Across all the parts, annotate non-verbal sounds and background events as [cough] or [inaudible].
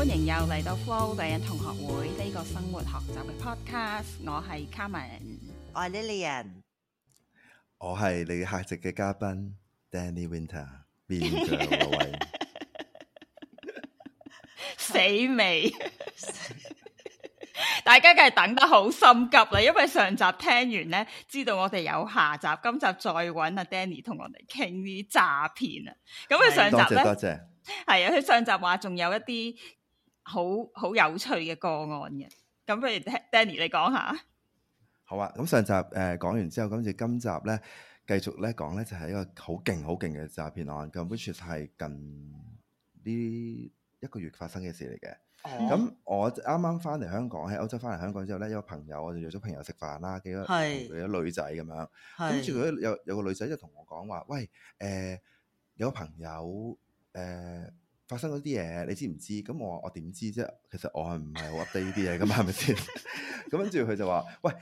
歡迎又嚟到 Flo 女人同學會呢，這個生活學習嘅 podcast，我係 Carmen，我係 Lillian，我係你客席嘅嘉賓 Danny Winter，面像 [laughs] 各位， [laughs] 死眉未， [laughs] 大家梗係等得好心急啦，因為上集聽完咧，知道我哋有下集，今集再搵阿、啊、Danny 同我哋傾呢啲詐騙啊，咁佢是上集咧，多謝，係啊，佢上集話仲有一啲。好好有趣嘅個案嘅，咁不如 Denny 你講下。好啊，咁上集誒、呃、講完之後，咁就今集咧繼續咧講咧，就係一個好勁、好勁嘅詐騙案，which is 近呢一個月發生嘅事嚟嘅。咁、哦、我啱啱翻嚟香港喺歐洲翻嚟香港之後咧，有個朋友我就約咗朋友食飯啦，幾多幾女仔咁樣，跟住嗰有有個女仔就同我講話，喂誒、呃、有個朋友誒。呃發生嗰啲嘢，你知唔知？咁我話點知啫？其實我係唔係好 update 呢啲嘢噶嘛？係咪先？咁跟住佢就話，喂，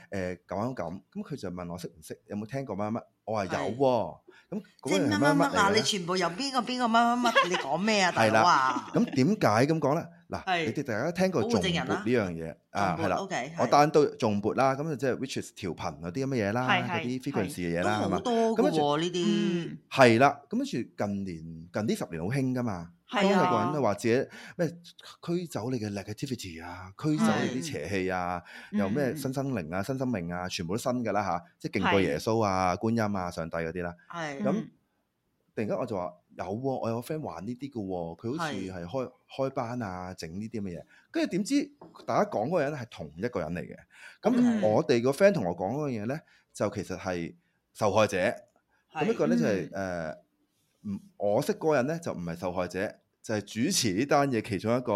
誒咁樣咁，咁佢就問我識唔識有冇聽過乜乜？我話有喎。咁即係乜乜乜嗱，你全部由邊個邊個乜乜乜？你講咩啊？大佬啊！咁點解咁講咧？嗱，你哋大家都聽過重撥呢樣嘢啊？係啦，OK，我帶到重撥啦，咁就即係 which is 調頻嗰啲咁嘅嘢啦，嗰啲 figures 嘅嘢啦，係嘛？多過呢啲係啦。咁跟住近年近啲十年好興噶嘛。今日個人都話自己咩驅走你嘅 negative i 啊，驅走你啲邪氣啊，是又咩新生靈啊、新生命啊，全部都新㗎啦嚇，即係勁過耶穌啊、是觀音啊、上帝嗰啲啦。咁是、嗯、突然間我就話有、啊，我有 friend 玩呢啲嘅，佢好似係開是開班啊，整呢啲乜嘢。跟住點知大家講嗰個人係同一個人嚟嘅。咁我哋個 friend 同我講嗰樣嘢咧，就其實係受害者。咁是一個咧就係、是、誒。呃我識個人呢，就唔係受害者，就係、是、主持呢單嘢其中一個，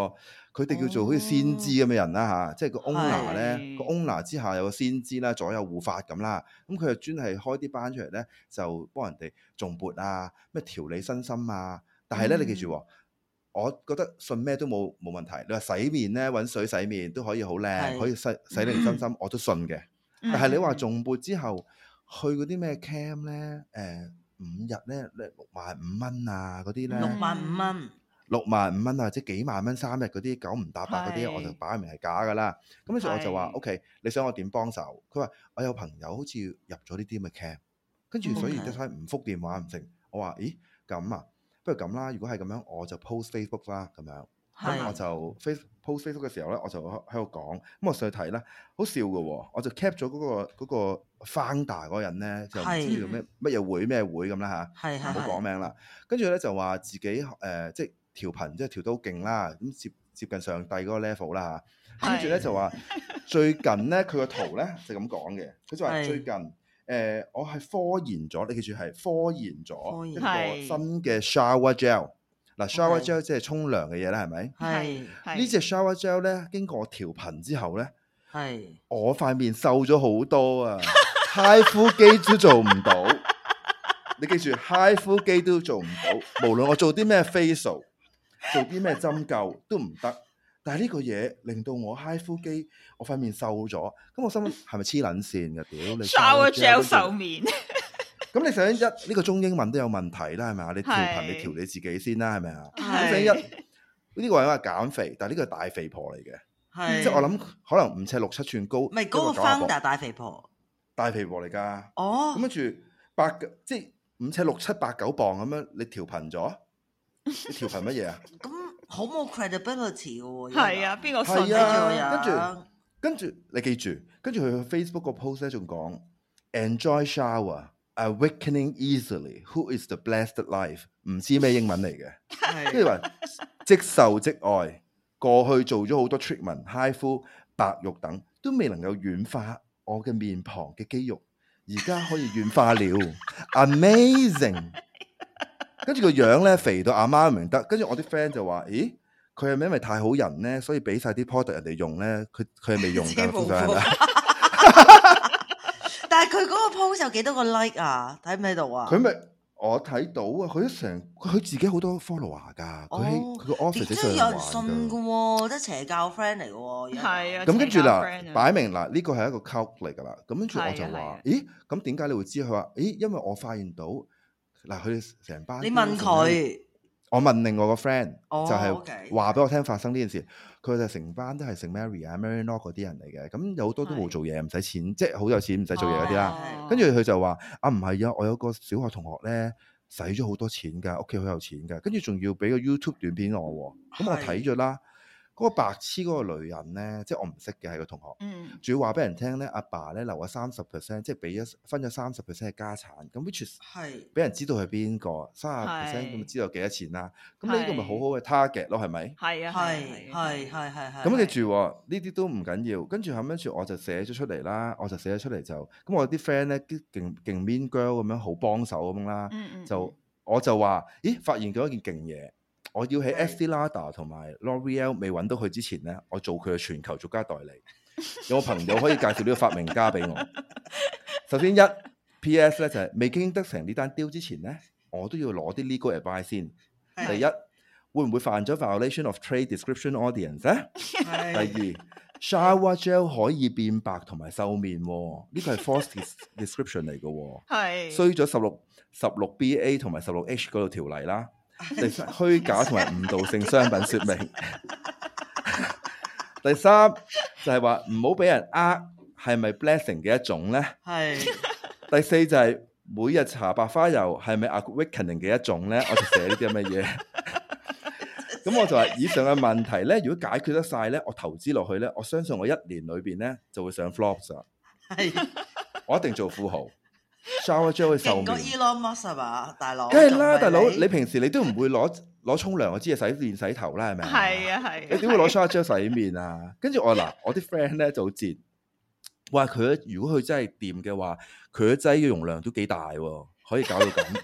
佢哋叫做好似先知咁嘅人啦嚇、哦啊，即係個 owner 咧，是個 owner 之下有個先知啦，左右護法咁啦，咁、嗯、佢就專係開啲班出嚟呢，就幫人哋重撥啊，咩調理身心啊，但係呢，你記住，嗯、我覺得信咩都冇冇問題，你話洗面呢，揾水洗面都可以好靚，是可以洗洗令身心，嗯、我都信嘅。但係你話重撥之後去嗰啲咩 camp 咧，誒、呃？呃五日咧，六萬五蚊啊，嗰啲咧，六萬五蚊，六萬五蚊啊，或者幾萬蚊三日嗰啲，九唔搭八嗰啲，是我就擺明係假噶啦。咁跟住我就話是：OK，你想我點幫手？佢話：我有朋友好似入咗呢啲咁嘅 cam，跟住所以啲 friend 唔覆電話唔成。我話：咦，咁啊，不如咁啦，如果係咁樣，我就 post Facebook 啦，咁樣。咁是我就 face post Facebook 嘅時候咧、哦，我就喺度講。咁我上去睇咧，好笑嘅。我就 cap 咗嗰個嗰個 founder 嗰個人咧，就唔知做咩乜嘢會咩會咁啦吓，唔好講名啦。跟住咧就話自己誒、呃，即係調頻，即係調到勁啦，咁接接近上帝嗰個 level 啦、啊、嚇。跟住咧就話最近咧，佢個圖咧就咁講嘅。佢就話最近誒是的、呃，我係科研咗，你記住係科研咗一個新嘅 shower gel。嗱，shower gel 即係沖涼嘅嘢啦，係咪？係呢隻 shower gel 咧，經過調頻之後咧，係我塊面瘦咗好多啊！HIFU 機都做唔到，你記住，HIFU 機都做唔到。無論我做啲咩 facial，做啲咩針灸都唔得。但係呢個嘢令到我 HIFU 機，我塊面瘦咗。咁我心諗，係咪黐撚線嘅？屌你！shower gel 瘦面。咁你想一呢、這個中英文都有問題啦，係咪啊？你調頻，你調你自己先啦，係咪啊？咁是一呢、這個因為減肥，但係呢個大肥婆嚟嘅，是即係我諗可能五尺六七寸高，唔係嗰個 f o u n d 大肥婆，大肥婆嚟噶，哦，咁跟住八即係五尺六七八九磅咁樣，你調頻咗？你調頻乜嘢 [laughs] [laughs] 啊？咁好冇 credibility 嘅喎，係啊，邊個、啊、跟住，跟住你記住，跟住佢 facebook 個 post 咧仲講 enjoy shower。啊，weakening easily，who is the blessed life？唔知咩英文嚟嘅，跟住話即受即愛，過去做咗好多 treatment，HIFU 白肉等都未能夠軟化我嘅面龐嘅肌肉，而家可以軟化了，amazing！跟住個樣咧肥到阿媽都唔得，跟住我啲 friend 就話：咦，佢係咪因為太好人咧，所以俾晒啲 product 人哋用咧？佢佢係未用嘅，咁樣啊！佢嗰個 post 有幾多個 like 啊？睇唔睇到啊？佢咪我睇到啊！佢都成佢自己好多 follower 㗎，佢佢個 office 上邊有人信㗎喎、啊，啲邪教 friend 嚟㗎喎。係啊，咁跟住啦，擺明啦，呢個係一個 cult 嚟㗎啦。咁跟住我就話：咦，咁點解你會知？佢話：咦，因為我發現到嗱，佢哋成班你問佢在。我問另外個 friend，就係話俾我聽發生呢件事，佢、oh, okay, 就成班都係成 Mary, Yeah. Mary 啊、no、Maryknoll 嗰啲人嚟嘅，咁有好多都冇做嘢，唔使是錢，即係好有錢，唔使做嘢嗰啲啦。跟住佢就話：啊，唔係啊，我有個小學同學咧，使咗好多錢㗎，屋企好有錢㗎，跟住仲要俾個 YouTube 短片我喎，咁我睇咗啦。嗰個白痴嗰個女人咧，即係我唔識嘅係個同學，仲要話俾人聽咧，阿爸咧留咗三十 percent，即係俾一分咗三十 percent 嘅家產，咁啲 which is 係俾人知道係邊個，三十 percent 咁就知道幾多錢啦。咁呢個咪好好嘅 target 咯，係咪？係啊，係係係係係。咁跟住呢啲都唔緊要，跟住後跟住我就寫咗出嚟啦，我就寫咗出嚟就，咁我啲 friend 咧啲勁勁 mean girl 咁樣好幫手咁啦，就我就話，咦，發現咗一件勁嘢。我要喺 sc lada 同埋 Loreal 未揾到佢之前咧，我做佢嘅全球獨家代理。有個朋友可以介紹呢個發明家俾我。首先一 ps 咧就係、是、未經得成呢單 deal 之前咧我都要攞啲 legal advice 先的第一會唔會犯咗 violation of trade description audience 咧的第二 shower gel 可以變白同埋瘦面呢、這個係 false description 嚟嘅係衰咗十六十六 ba 同埋十六 h 度條，條例啦第虛假同埋誤導性商品說明。 [laughs] 第三就係話唔好俾人呃，係咪 blessing 嘅一種咧？係是。第四就係、是、每日搽白花油係咪 awakening 嘅一種咧？ [laughs] 我就寫呢啲咁嘅嘢？咁 [laughs] 我就話以上嘅問題咧，如果解決得晒咧，我投資落去咧，我相信我一年裏邊咧就會上 flops 啦是。係， [laughs] 我一定做富豪。shower gel 去洗面。蘋果 Elon Musk 啊，大佬。梗係啦，大佬，你平時你都唔會攞攞沖涼，我知啊，洗面洗頭啦，係咪，啊？係 拿 啊係。你點攞 shower gel 洗面啊？跟住我嗱，我啲 friend 咧就接，哇佢如果佢真係掂嘅話，佢嘅劑嘅容量都幾大，啊，可以搞到咁，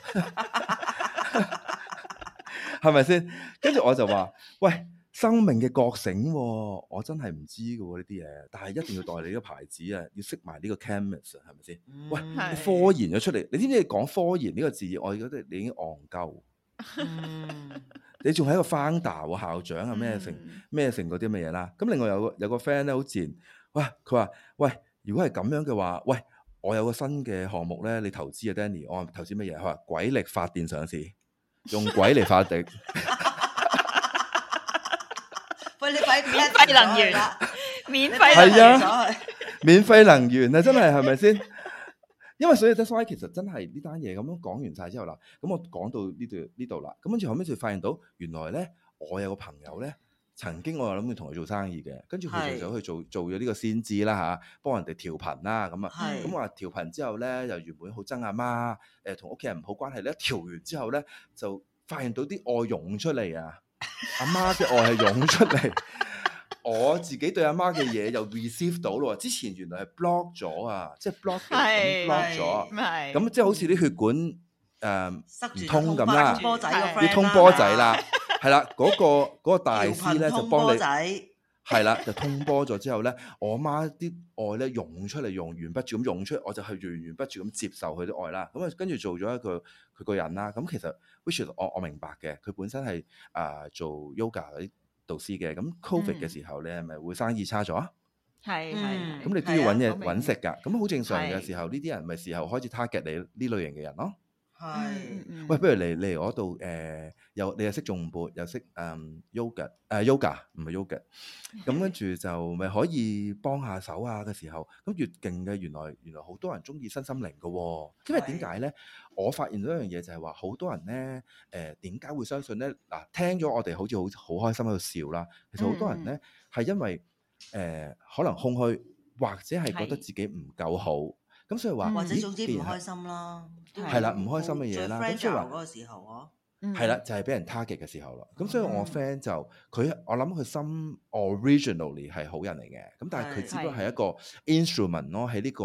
係咪先？跟住我就話，喂。生命嘅覺醒、哦，我真係唔知㗎呢啲嘢，但係一定要代理呢個牌子啊， [laughs] 要識埋呢個 chemist 係咪先？嗯、喂，是你科研咗出嚟，你知唔知你講科研呢個字？我覺得你已經戇鳩， [laughs] 你仲係一個 founder 喎、啊，校長啊咩成咩成嗰啲乜嘢啦？咁 [laughs] 另外有個有個 friend 咧好賤，喂佢話：喂，如果係咁樣嘅話，喂，我有個新嘅項目咧，你投資啊，Danny，我投資乜嘢？佢話鬼力發電上市，用鬼嚟發電。 [laughs] 免費能源啦，免費係 [laughs] 啊， [laughs] 免費能源啊，真係係咪先？是是 [laughs] 因為所以即係，所以其實真係呢單嘢咁樣講完晒之後啦，咁我講到呢度呢度啦，咁跟住後尾就發現到，原來咧我有個朋友咧，曾經我又諗住同佢做生意嘅，跟住佢就就去做是做咗呢個先知啦吓，幫人哋調頻啦咁啊，咁話調頻之後咧，又原本好憎阿媽，誒，同屋企人唔好關係咧，調完之後咧就發現到啲愛湧出嚟啊。 [laughs] 阿媽嘅愛係湧出嚟。 [laughs] 我自己對阿媽嘅嘢，又 receive 到咯。之前原來係 block 咗啊，即係 block，block 咗。咁即係好似啲血管誒塞唔、呃、通咁啦，波仔要通波仔啦，係啦， [laughs] 嗰、嗰個、嗰個大師咧 [laughs] 就幫你。 [laughs] 係啦，就通波咗之後咧，我媽啲愛咧湧出嚟，源源不絕咁湧出，我就係源源不絕咁接受佢啲愛啦。咁啊，跟住做咗一個佢個人啦。咁其實，which 我我明白嘅，佢本身係啊做 yoga 嗰啲導師嘅。咁 covid 嘅時候咧，咪會生意差咗。係係。咁你都要揾嘢揾食㗎，咁好正常嘅時候，呢啲人咪時候開始 target 你呢類型嘅人咯。係，喂，不如嚟嚟我度誒、呃，又你又識頌缽，又識嗯 yogurt,、呃、yoga，誒 yoga 唔係 yogurt，咁跟住就咪可以幫下手啊嘅時候，咁越勁嘅原來原來好多人鍾意身心靈嘅喎、哦，因為點解咧？的我發現咗一樣嘢就係話，好多人咧誒點解會相信咧？嗱，聽咗我哋好似好好開心喺度笑啦，其實好多人咧係、嗯、因為誒、呃、可能空虛，或者係覺得自己唔夠好。咁所以話，或者總之唔開心啦，係啦，唔開心嘅嘢啦。咁所以話嗰個時候，嗬，係、嗯、啦，就係、是、俾人 target 嘅時候咯。咁的所以我 friend 就佢，我諗佢心 originally 係好人嚟嘅。咁但係佢只不過係一個 instrument 咯，喺呢個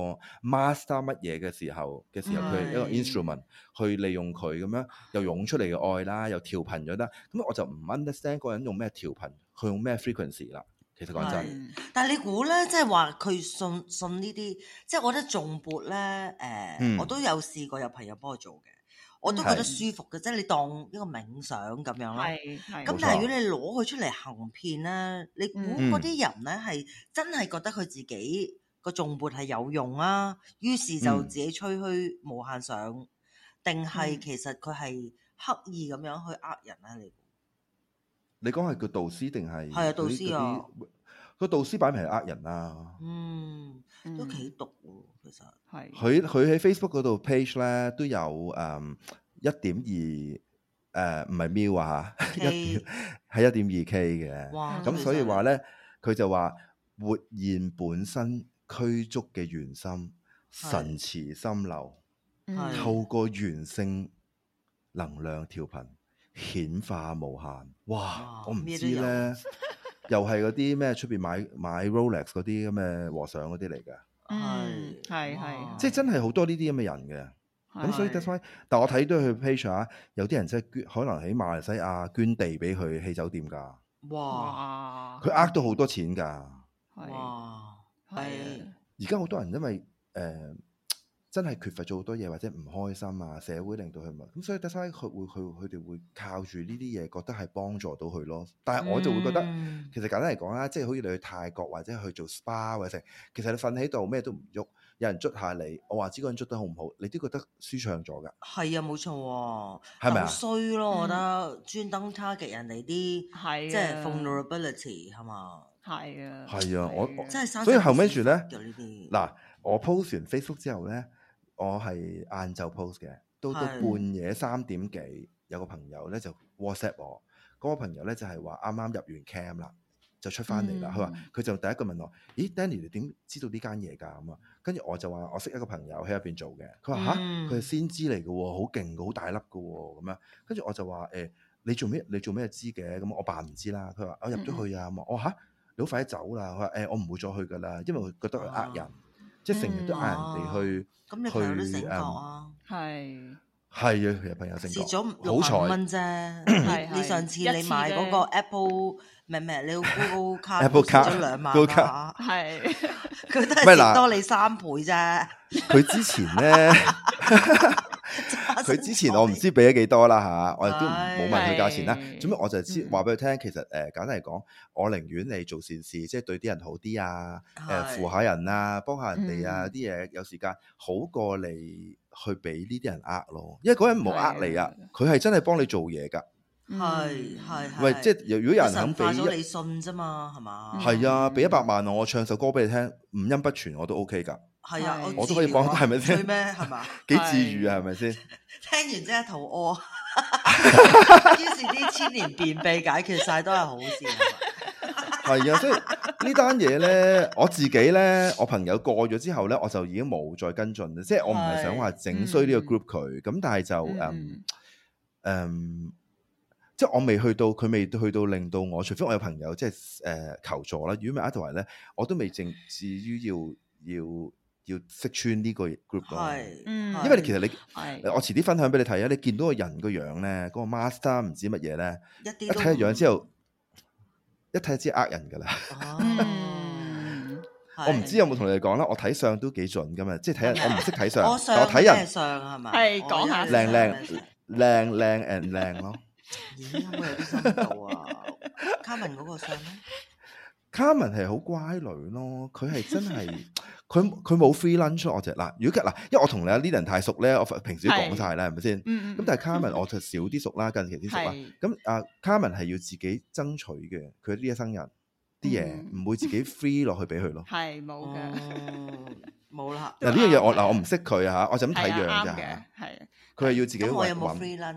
master 乜嘢嘅時候嘅時候，佢係一個 instrument 去利用佢咁樣，又湧出嚟嘅愛啦，又調頻咗啦。咁我就唔 understand 個人用咩調頻，佢用咩 frequency 啦。其實講真，但係你估咧，即係話佢信信呢啲，即、就、係、是、我覺得頌缽咧，誒、呃，嗯、我都有試過有朋友幫佢做嘅，嗯、我都覺得舒服嘅，即係是你當一個冥想咁樣啦，係咁，但係如果你攞佢出嚟行騙咧，嗯、你估嗰啲人咧係真係覺得佢自己個頌缽係有用啊，於是就自己吹噓無限上，定係、嗯、其實佢係刻意咁樣去呃人啊？你？你講係個導師定係，係啊，導師啊，個導師擺明係呃人啊。嗯，都幾毒喎，其實。係。佢佢喺 Facebook 嗰度 page 咧都有，誒一點二，誒唔係 M 啊，係一點二 k 嘅。哇！咁所以話咧，佢就話活現本身驅逐嘅原心神慈心流，透過原性能量調頻。顯化無限，哇！我唔知咧，又係嗰啲咩出面買買 Rolex 嗰啲咁嘅和尚嗰啲嚟嘅。係係係，即係真係好多呢啲咁嘅人嘅。咁所以，但係我睇到佢 page 啊，有啲人真係捐，可能喺馬來西亞捐地俾佢起酒店噶。哇！佢呃到好多錢噶。係，係。而家好多人因為誒。真係缺乏咗好多嘢或者唔開心啊，社會令到佢咪咁，所以第三佢會佢佢哋會靠住呢啲嘢覺得係幫助到佢咯。但係我就會覺得、嗯、其實簡單嚟講啦，即係好似你去泰國或者去做 SPA 嗰成，其實你瞓喺度咩都唔喐，有人捉下你，我話知個人捉得好唔好，你都覺得舒暢咗㗎。係啊，冇錯、啊，係咪、啊、好衰咯？嗯、我覺得專登 target 人哋啲，即係 vulnerability 係嘛？係啊，係啊，啊啊我真係所以後尾船咧嗱，我 post 完 Facebook 之後咧。我係晏晝 post 嘅，到到半夜三點幾，有個朋友咧就 WhatsApp 我，嗰、那個朋友咧就係話啱啱入完 camp 啦，就出翻嚟啦。佢話佢就第一個問我：，咦，Danny 你點知道呢間嘢㗎？咁啊，跟住我就話我識一個朋友喺入邊做嘅。佢話吓，佢係、嗯啊、先知嚟嘅喎，好勁好大粒嘅喎，咁樣。跟住我就話誒、哎，你做咩？你做咩知嘅？咁我扮唔知啦。佢話我入咗去啊，咁啊，我吓、嗯，你好快啲走啦。佢話誒，我唔會再去㗎啦，因為佢覺得佢呃人。即係成日都嗌人哋去，咁你朋友都成角啊？係係啊，其實朋友成角，蝕咗六百蚊啫。你上次你買嗰個 Apple，明明，你 Google card 蝕咗兩萬，係佢都係蝕多你三倍啫。佢之前咧。佢之前我唔知俾咗幾多啦嚇，我亦都冇問佢價錢啦。做咩？我就知話俾佢聽，其實誒簡單嚟講，我寧願你做善事，即係對啲人好啲啊，誒扶下人啊，幫下人哋啊啲嘢，有時間好過你去俾呢啲人呃咯，因為嗰人唔好呃你啊，佢係真係幫你做嘢㗎。係係。喂，即係如果有人肯俾咗你信啫嘛，係嘛？係啊，俾一百萬我，我唱首歌俾你聽，五音不全我都 OK 㗎。係 [noise] 啊，我都可以講，係咪先？衰咩？係嘛？幾治癒啊？係咪先？聽完真係肚屙，於 [laughs] [laughs] [laughs] 是啲千年便秘解決晒都係好事。係啊， [laughs] 所以呢單嘢咧，我自己咧，我朋友過咗之後咧，我就已經冇再跟進啦。即、就、係、是、我唔係想話整衰呢個 group 佢，咁但係就嗯嗯，嗯即係我未去到，佢未去到令到我，除非我有朋友即係誒、呃、求助啦。如果唔係阿 t o 咧，我都未正至於要要。要要識穿呢個 group 咯，因為你其實你，我遲啲分享俾你睇啊！你見到個人個樣咧，嗰個 master 唔知乜嘢咧，一睇個樣之後，一睇就知呃人噶啦。我唔知有冇同你哋講啦，我睇相都幾準噶嘛，即係睇人，我唔識睇相，我睇人相係咪？係講下靚靚靚靚 and 靚咯。咦？有冇有啲深度啊？Carmen 嗰個相咧？Carmen 係好乖女咯，佢係真係。佢佢冇 free lunch 我就嗱如果嗱，因為我同你阿 Lilian 太熟咧，我平時都講晒啦，係咪先？咁但係 Carmen 我就少啲熟啦，近期啲熟啦。咁阿 Carmen 係要自己爭取嘅，佢呢一生人啲嘢唔會自己 free 落去俾佢咯。係冇嘅，冇啦。嗱呢樣我嗱我唔識佢嚇，我就咁睇樣㗎。係，佢係要自己去揾。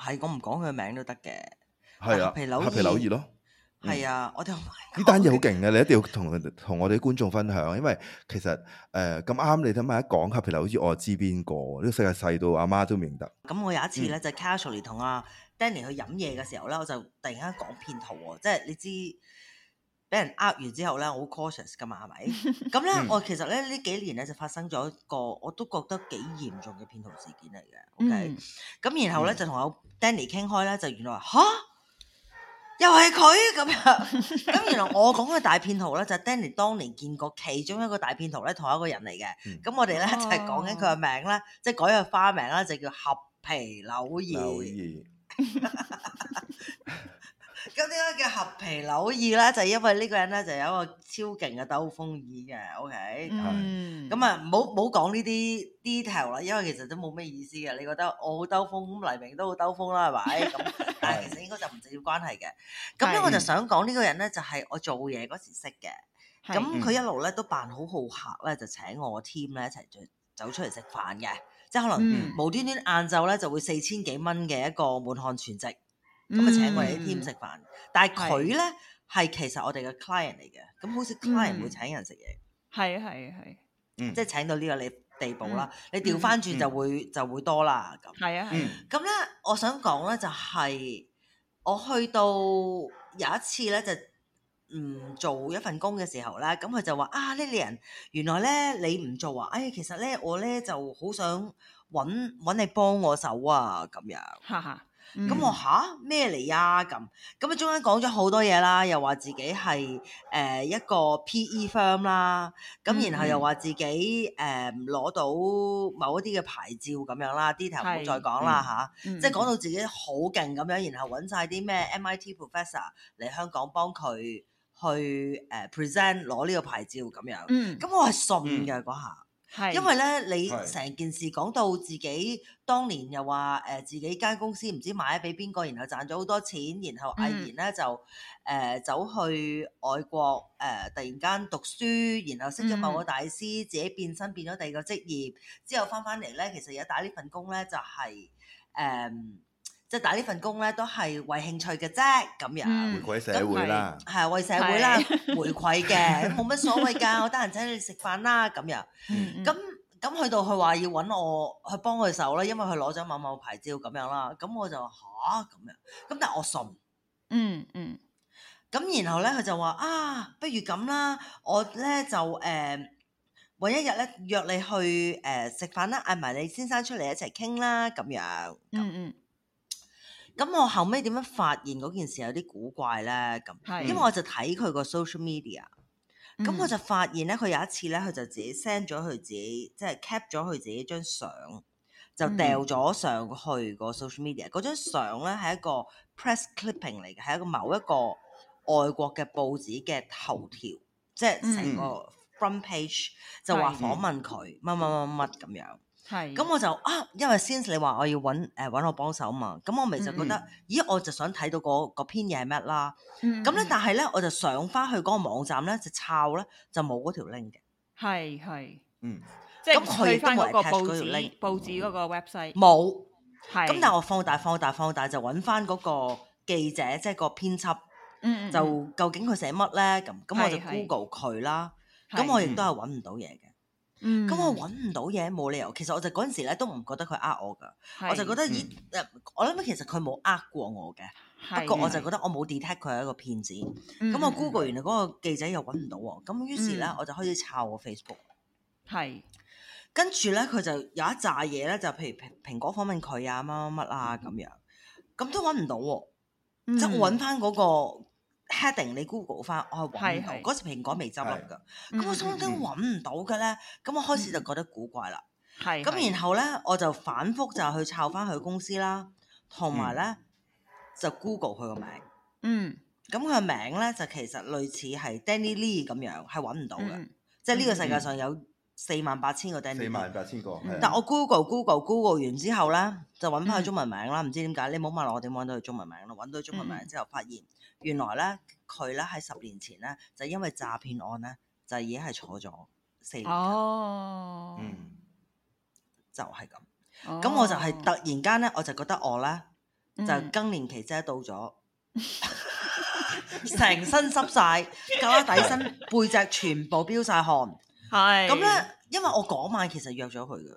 係，我唔講佢名都得嘅。係啊，啊皮柳皮柳二咯。係啊，嗯、我哋呢單嘢好勁嘅，你一定要同同我哋啲觀眾分享，因為其實誒咁啱你睇咪一講，皮佬好似我知邊個，呢、這個世界細到阿媽都唔認得。咁、嗯、我有一次咧就係、Casually 同阿 Danny 去飲嘢嘅時候咧，我就突然間講騙徒喎，即係你知。俾人呃完之後咧，我好 cautious 噶嘛，係咪？咁咧、 [laughs] 嗯，我其實咧呢幾年咧就發生咗一個我都覺得幾嚴重嘅騙徒事件嚟嘅，OK。咁、嗯嗯、然後咧就同我 Danny 傾開咧，就原來吓、啊，又係佢咁樣。咁 [laughs] [laughs] 原來我講嘅大騙徒咧，就係 Danny 當年見過其中一個大騙徒咧，同一個人嚟嘅。咁、嗯、我哋咧就係講緊佢嘅名咧，啊、即係改個花名啦，就叫合皮扭耳。 [laughs] [laughs] 咁點解叫合皮扭耳咧？就係因為呢個人咧，就係有一個超勁嘅兜風耳嘅，OK。嗯。咁啊，唔好唔好講呢啲 detail 啦，因為其實都冇咩意思嘅。你覺得我好兜風，咁黎明都好兜風啦，係咪？咁， [laughs] 但係其實應該就唔直接關係嘅。咁咧，我就想講呢個人咧，就係、係、我做嘢嗰時識嘅。咁佢一路咧都扮好好客咧，就請我 team 咧一齊走走出嚟食飯嘅。即係可能無端端晏晝咧就會四千幾蚊嘅一個滿漢全席。咁啊請我哋啲 team 食飯，但係佢咧係其實我哋嘅 client 嚟嘅，咁好似 client 會請人食嘢？係啊係啊係，即係請到呢個你地步啦，你調翻轉就會就會多啦，咁係啊，嗯，咁咧我想講咧就係，我去到有一次咧就唔做一份工嘅時候咧，咁佢就話啊 Lilian，原來咧你唔做啊？哎其實咧我咧就好想揾揾你幫我手啊咁樣，哈哈。咁我吓，咩嚟啊？咁，咁啊中間講咗好多嘢啦，又話自己係誒一個 PE firm 啦，嗯，咁然後又話自己誒攞，嗯嗯、到某一啲嘅牌照咁樣啦，detail 再講啦嚇，即係講到自己好勁咁樣，然後揾晒啲咩 MIT professor 嚟香港幫佢去誒，呃呃、present 攞呢個牌照咁樣，咁我係信嘅嗰下。嗯因為咧，你成件事講到自己當年又話誒，自己間公司唔知賣咗俾邊個，然後賺咗好多錢，然後毅然咧就誒、嗯呃、走去外國誒、呃，突然間讀書，然後識咗某個大師，嗯、自己變身變咗第二個職業，之後翻翻嚟咧，其實有打呢份工咧，就係、是、誒。呃即係打呢份工咧，都係為興趣嘅啫，咁樣、嗯、那回饋社會啦，係為社會啦，是 [laughs] 回饋嘅冇乜所謂㗎， [laughs] 我得閒請你食飯啦，咁樣。咁咁、嗯、去到佢話要揾我去幫佢手啦，因為佢攞咗某某牌照咁樣啦，咁我就話吓，咁樣。咁但係我信。嗯嗯。咁、嗯、然後咧，佢就話啊，不如咁啦，我咧就誒，揾一日咧約你去誒食飯啦，嗌埋你先生出嚟一齊傾啦，咁樣。嗯。咁我後尾點樣發現嗰件事有啲古怪咧？咁是，因為我就睇佢個 social media，咁我就發現咧，佢有一次咧，佢就自己 send 咗佢自己，即係 cap 咗佢自己張相，就掉咗上去個 social media。嗰、嗯、張相咧係一個 press clipping 嚟嘅，係一個某一個外國嘅報紙嘅頭條，即係成個 front page 就話訪問佢乜乜乜乜咁樣。係，咁我就啊，因為 since 你話我要揾誒揾我幫手嘛，咁我咪就覺得，咦我就想睇到嗰、嗰篇嘢係咩啦，咁咧但係咧我就上翻去嗰個網站咧就抄咧就冇嗰條 link 嘅。係、係，嗯，即係退翻為個報紙報紙嗰個 website 冇，係，咁但係我放大放大放大就揾翻嗰個記者即係個編輯，就究竟佢寫乜咧？咁咁我就 Google 佢啦，咁我亦都係揾唔到嘢嘅。咁、嗯、我揾唔到嘢，冇理由。其實我就嗰陣時咧都唔覺得佢呃我㗎，是我就覺得咦，嗯、我諗其實佢冇呃過我嘅。的不過我就覺得我冇 detect 佢係一個騙子。咁的、嗯、我 Google 原來嗰個記者又揾唔到喎。咁於是咧、嗯、我就開始抄我 Facebook 的。係。跟住咧佢就有一紮嘢咧，就譬如蘋果訪問佢啊，啊，乜乜乜啊咁樣，咁都揾唔到喎、啊。即係我揾翻嗰個。Heading 你 Google 翻、oh, 是，我係揾唔到。嗰時蘋果未執笠㗎，咁、嗯、我點解揾唔到㗎咧？咁、嗯、我開始就覺得古怪啦。係是，咁然後咧，我就反覆就去抄翻佢公司啦，同埋咧就 Google 佢個名。嗯，咁佢個名咧、嗯、就其實類似係 Danny Lee 咁樣，係揾唔到㗎。嗯、即係呢個世界上有，四萬八千個，個，四萬八千個，但我的 Google Google Google 完之後咧，就揾返佢中文名啦，唔、嗯、知點解，你唔好問我點揾到佢中文名啦，揾到中文名之後發現，嗯、原來咧佢咧喺十年前咧就因為詐騙案咧就已經係坐咗四年，哦，嗯，就係、是、咁，咁、哦嗯、我就係、是、突然間咧，我就覺得我咧就更年期啫到咗，成、嗯、 [laughs] 身濕曬，搞到底身背脊全部飆晒汗。係咁咧，因為我嗰晚其實約咗佢嘅，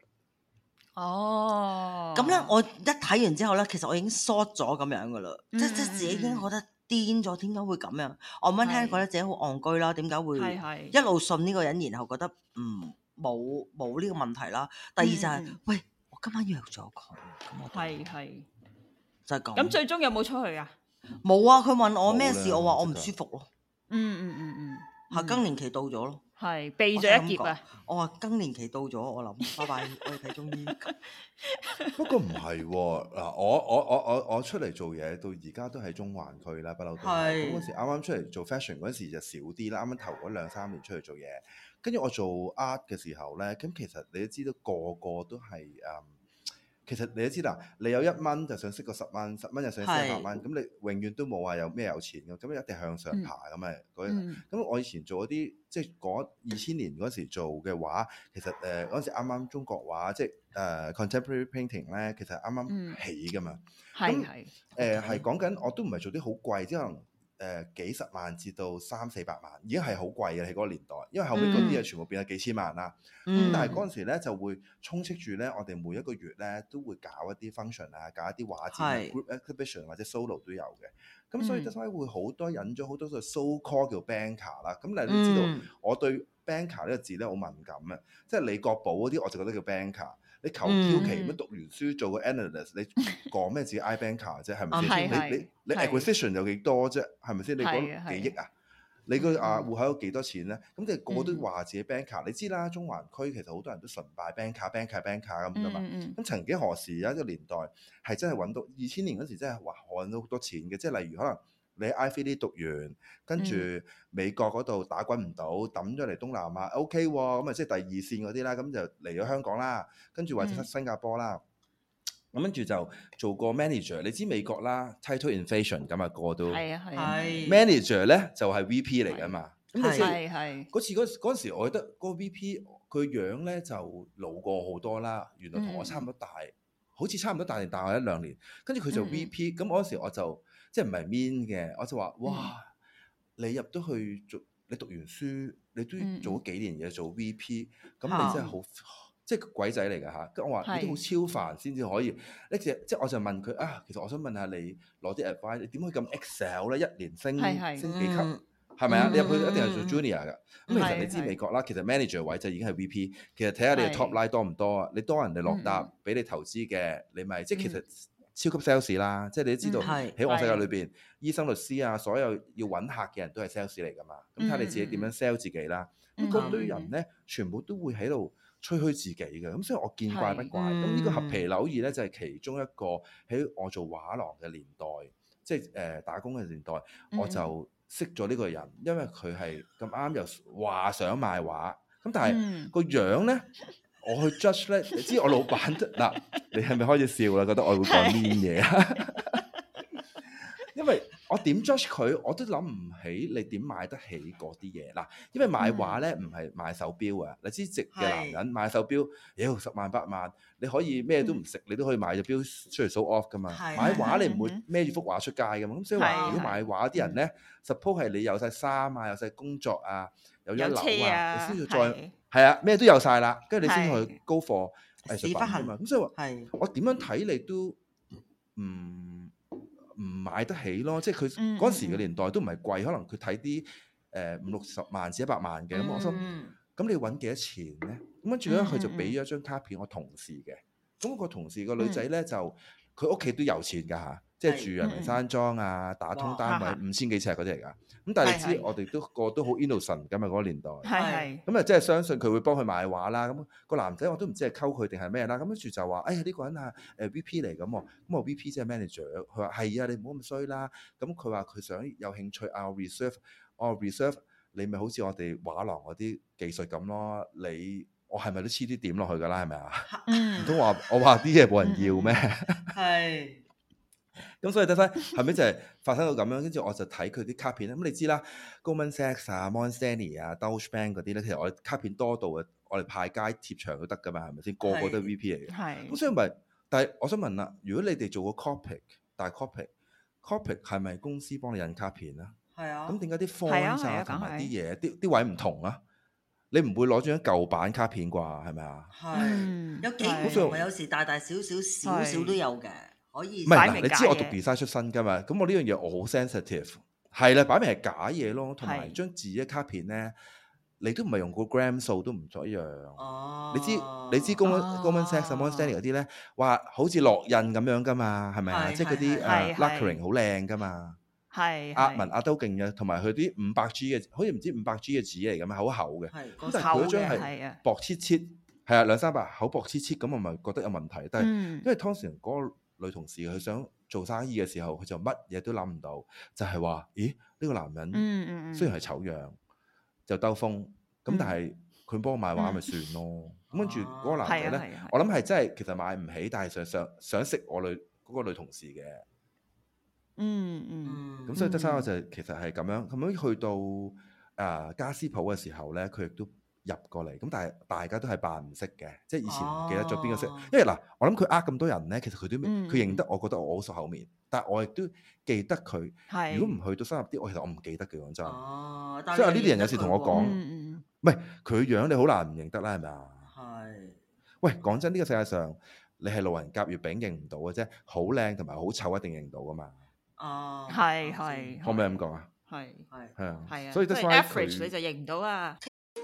哦，咁咧我一睇完之後咧，其實我已經 short 咗咁樣噶啦，即即自己已經覺得癲咗，點解會咁樣？我咁聽覺得自己好戇居啦，點解是會一路信呢個人？然後覺得唔冇冇呢個問題啦。第二就係、是嗯、喂，我今晚約咗佢，咁我係係就係咁咁最終有冇出去啊？冇啊、嗯！佢、嗯、問我咩事，我話我唔舒服咯、嗯。嗯嗯嗯嗯，吓更年期到咗咯。嗯係避咗一劫啊！我話、 [laughs] 哦、更年期到咗，我諗拜拜， [laughs] 我去睇中醫。 [laughs] [laughs] 不過唔係喎，嗱我我我我我出嚟做嘢到而家都喺中環區啦，不嬲，都係咁。嗰時啱啱出嚟做 fashion 嗰陣時就少啲啦，啱啱頭嗰兩三年出嚟做嘢，跟住我做 Art 嘅時候咧，咁其實你都知道個個都係誒。嗯其實你都知啦，你有一蚊就想識個十蚊，十蚊就想四百蚊，咁是你永遠都冇話有咩有，有錢嘅，咁你一定向上爬咁啊，嗰咁，我以前做嗰啲，即係嗰二千年嗰時做嘅話，其實誒嗰、呃、時啱啱中國畫，即係誒 contemporary painting 咧，uh, Pain ting，其實啱啱起㗎嘛。係係誒係講緊，我都唔係做啲好貴，即可能。誒、呃、幾十萬至到三四百萬，已經係好貴嘅喺嗰個年代，因為後尾嗰啲嘢全部變咗幾千萬啦。咁、嗯、但係嗰陣時咧就會充斥住咧，我哋每一個月咧都會搞一啲 function 一是啊，搞一啲畫展 group exhibition 或者 solo 都有嘅。咁、嗯、所以就所以 i 會好多引咗好多個 so call 叫 banker 啦。咁你都知道，我對 banker 呢個字咧好敏感啊。嗯、即係李國寶嗰啲我就覺得叫 banker。你求其咁乜讀完書做個 analyst，、嗯、你講咩自己 ibanker 啫，係咪先？你你你 acquisition 有幾多啫？係咪先？你講是幾億啊？你個啊戶口有幾多錢咧、啊？咁哋個個都話自己 banker，你知啦，中環區其實好多人都崇拜 banker，banker，banker 咁噶嘛。咁、嗯、曾幾何時有、啊、一、這個年代係真係揾到二千年嗰時真係哇揾到好多錢嘅，即係例如可能。你 Ivy 啲讀完，跟住美國嗰度打軍唔到，抌咗嚟東南亞，O K 喎，咁、okay、啊即係第二線嗰啲啦，咁就嚟咗香港啦，跟住或者新加坡啦，咁跟住就做過 manager，你知美國啦，title inflation 咁啊個都係啊係 manager 咧就係、是、VP 嚟噶嘛，咁嗰次嗰次嗰時我覺得個 VP 佢樣咧就老過好多啦，原來同我差唔多大，嗯、好似差唔多大年大，大，大，大我一兩年，跟住佢做 VP，咁嗰時我就。即係唔係 mean 嘅，我就話：哇！你入到去做，你讀完書，你都要做咗幾年嘢做 VP，咁、嗯、你真係好、啊，即係鬼仔嚟㗎嚇！啊、我話你都好超凡先至可以。呢隻即係我就問佢啊，其實我想問下你攞啲 advice，你點可以咁 excel 咧？一年升是是、嗯、升幾級係咪啊？你入去一定係做 junior 㗎。咁、嗯、其實你知美國啦，其實 manager 位就已經係 VP。其實睇下你嘅 top line 多唔多啊？你多人哋落搭，俾你投資嘅，你咪即係其實。超級 sales 啦，即係你都知道喺、嗯、我世界裏邊，是醫生、律師啊，所有要揾客嘅人都係 sales 嚟噶嘛。咁睇下你自己點樣 sell 自己啦。咁嗰堆人呢，全部都會喺度吹噓自己嘅。咁、嗯、所以我見怪不怪。咁呢、嗯、個合皮扭耳呢，就係、是、其中一個喺我做畫廊嘅年代，即係誒打工嘅年代，嗯、我就識咗呢個人，因為佢係咁啱又話想賣畫，咁但係個樣呢。嗯我去 judge 咧，你知我老闆得嗱，你係咪開始笑啦？覺得我會講呢啲嘢？因為我點 judge 佢，我都諗唔起你點買得起嗰啲嘢嗱。因為買畫咧唔係買手錶啊，你知直嘅男人買手錶，妖十萬八萬，你可以咩都唔食，你都可以買隻錶出嚟 show off 噶嘛。買畫你唔會孭住幅畫出街噶嘛。咁所以話如果買畫啲人咧，suppose 係你有晒衫啊，有晒工作啊，有一樓啊，你先要再。係啊，咩都有晒啦，跟住你先去高貨藝術品，始不嘛。咁、嗯、所以話，是我點樣睇你都唔唔買得起咯。即係佢嗰時嘅年代都唔係貴，嗯嗯可能佢睇啲誒五六十萬至萬嗯嗯一百萬嘅。咁我心，咁你揾幾多錢咧？咁跟住咧，佢就俾咗張卡片我同事嘅。咁個、嗯嗯嗯、同事個女仔咧、嗯、就佢屋企都有錢㗎嚇。即係住人民山莊啊，哇打通單位五千幾尺嗰啲嚟噶。咁但係你知我哋都個是都好 innocent 㗎啊嗰、那個年代。係咁啊，即係相信佢會幫佢買畫啦。咁、那個男仔我都唔知係溝佢定係咩啦。咁跟住就話，哎呀呢、這個人啊、哦，誒 VP 嚟咁喎。咁我 VP 即係 manager。佢話：係啊，你唔好咁衰啦。咁佢話佢想有興趣，I reserve，I reserve。你咪好似我哋畫廊嗰啲技術咁咯。你 [laughs] 我係咪都黐啲點落去㗎啦？係咪啊？唔通話我話啲嘢冇人要咩？係。 [laughs] [laughs] [laughs] 咁所以得翻，係咪就係發生到咁樣，跟住我就睇佢啲卡片咁你知啦，Goldman Sachs 啊、Morgan Stanley 啊、Deutsche Bank 嗰啲咧，其實我哋卡片多到啊，我哋派街貼牆都得噶嘛，係咪先？個個都係 V P 嚟嘅。係，咁所以咪，但係我想問啦，如果你哋做過 Copic 但係 Copic，Copic 係咪公司幫你印卡片啊？係啊。咁點解啲 font 同埋啲嘢，啲啲位唔同啊？你唔會攞張舊版卡片啩？係咪啊？係，有幾？好似我有時大大小小少少都有嘅。可以唔係啦，你知我讀 design 出身㗎嘛？咁我呢樣嘢我好 sensitive，係啦，擺明係假嘢咯。同埋張紙嘅卡片咧，你都唔係用個 gram 數都唔一樣。哦，你知你知，高文高文 Sir、Simon Stanley 嗰啲咧，哇，好似烙印咁樣㗎嘛，係咪啊？即係嗰啲誒 lacquering 好靚㗎嘛。係。壓紋壓凸勁嘅，同埋佢啲五百 g 嘅，好似唔知五百 g 嘅紙嚟㗎嘛，好厚嘅。係。咁厚嘅。係薄黐黐，係啊，兩三百厚薄黐黐，咁我咪覺得有問題。但係因為當時嗰個。女同事佢想做生意嘅時候，佢就乜嘢都諗唔到，就係、是、話，咦呢、這個男人雖然係醜樣，嗯、就兜風，咁、嗯、但係佢幫我買畫，咪算咯。跟住嗰個男人咧，哦啊啊啊、我諗係真係其實買唔起，但係想想想識我女、那個女同事嘅、嗯。嗯嗯。咁、嗯、所以德生我就其實係咁樣，咁樣去到啊家私鋪嘅時候咧，佢亦都。入過嚟，咁但係大家都係扮唔識嘅，即係以前唔記得咗邊個識。因為嗱，我諗佢呃咁多人咧，其實佢都佢認得。我覺得我好熟口面，但係我亦都記得佢。如果唔去到深入啲，我其實我唔記得佢。講真，即係呢啲人有時同我講，唔係佢樣你好難唔認得啦，係咪啊？係。喂，講真，呢個世界上你係路人甲、月餅認唔到嘅啫，好靚同埋好醜一定認到㗎嘛？哦，係係。可唔可以咁講啊？係係係啊！係啊！所以 average 你就認唔到啊！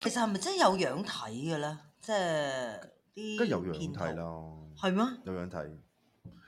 其實係咪真係有樣睇嘅咧？即係啲梗係有樣睇咯，係咩嗎？有樣睇，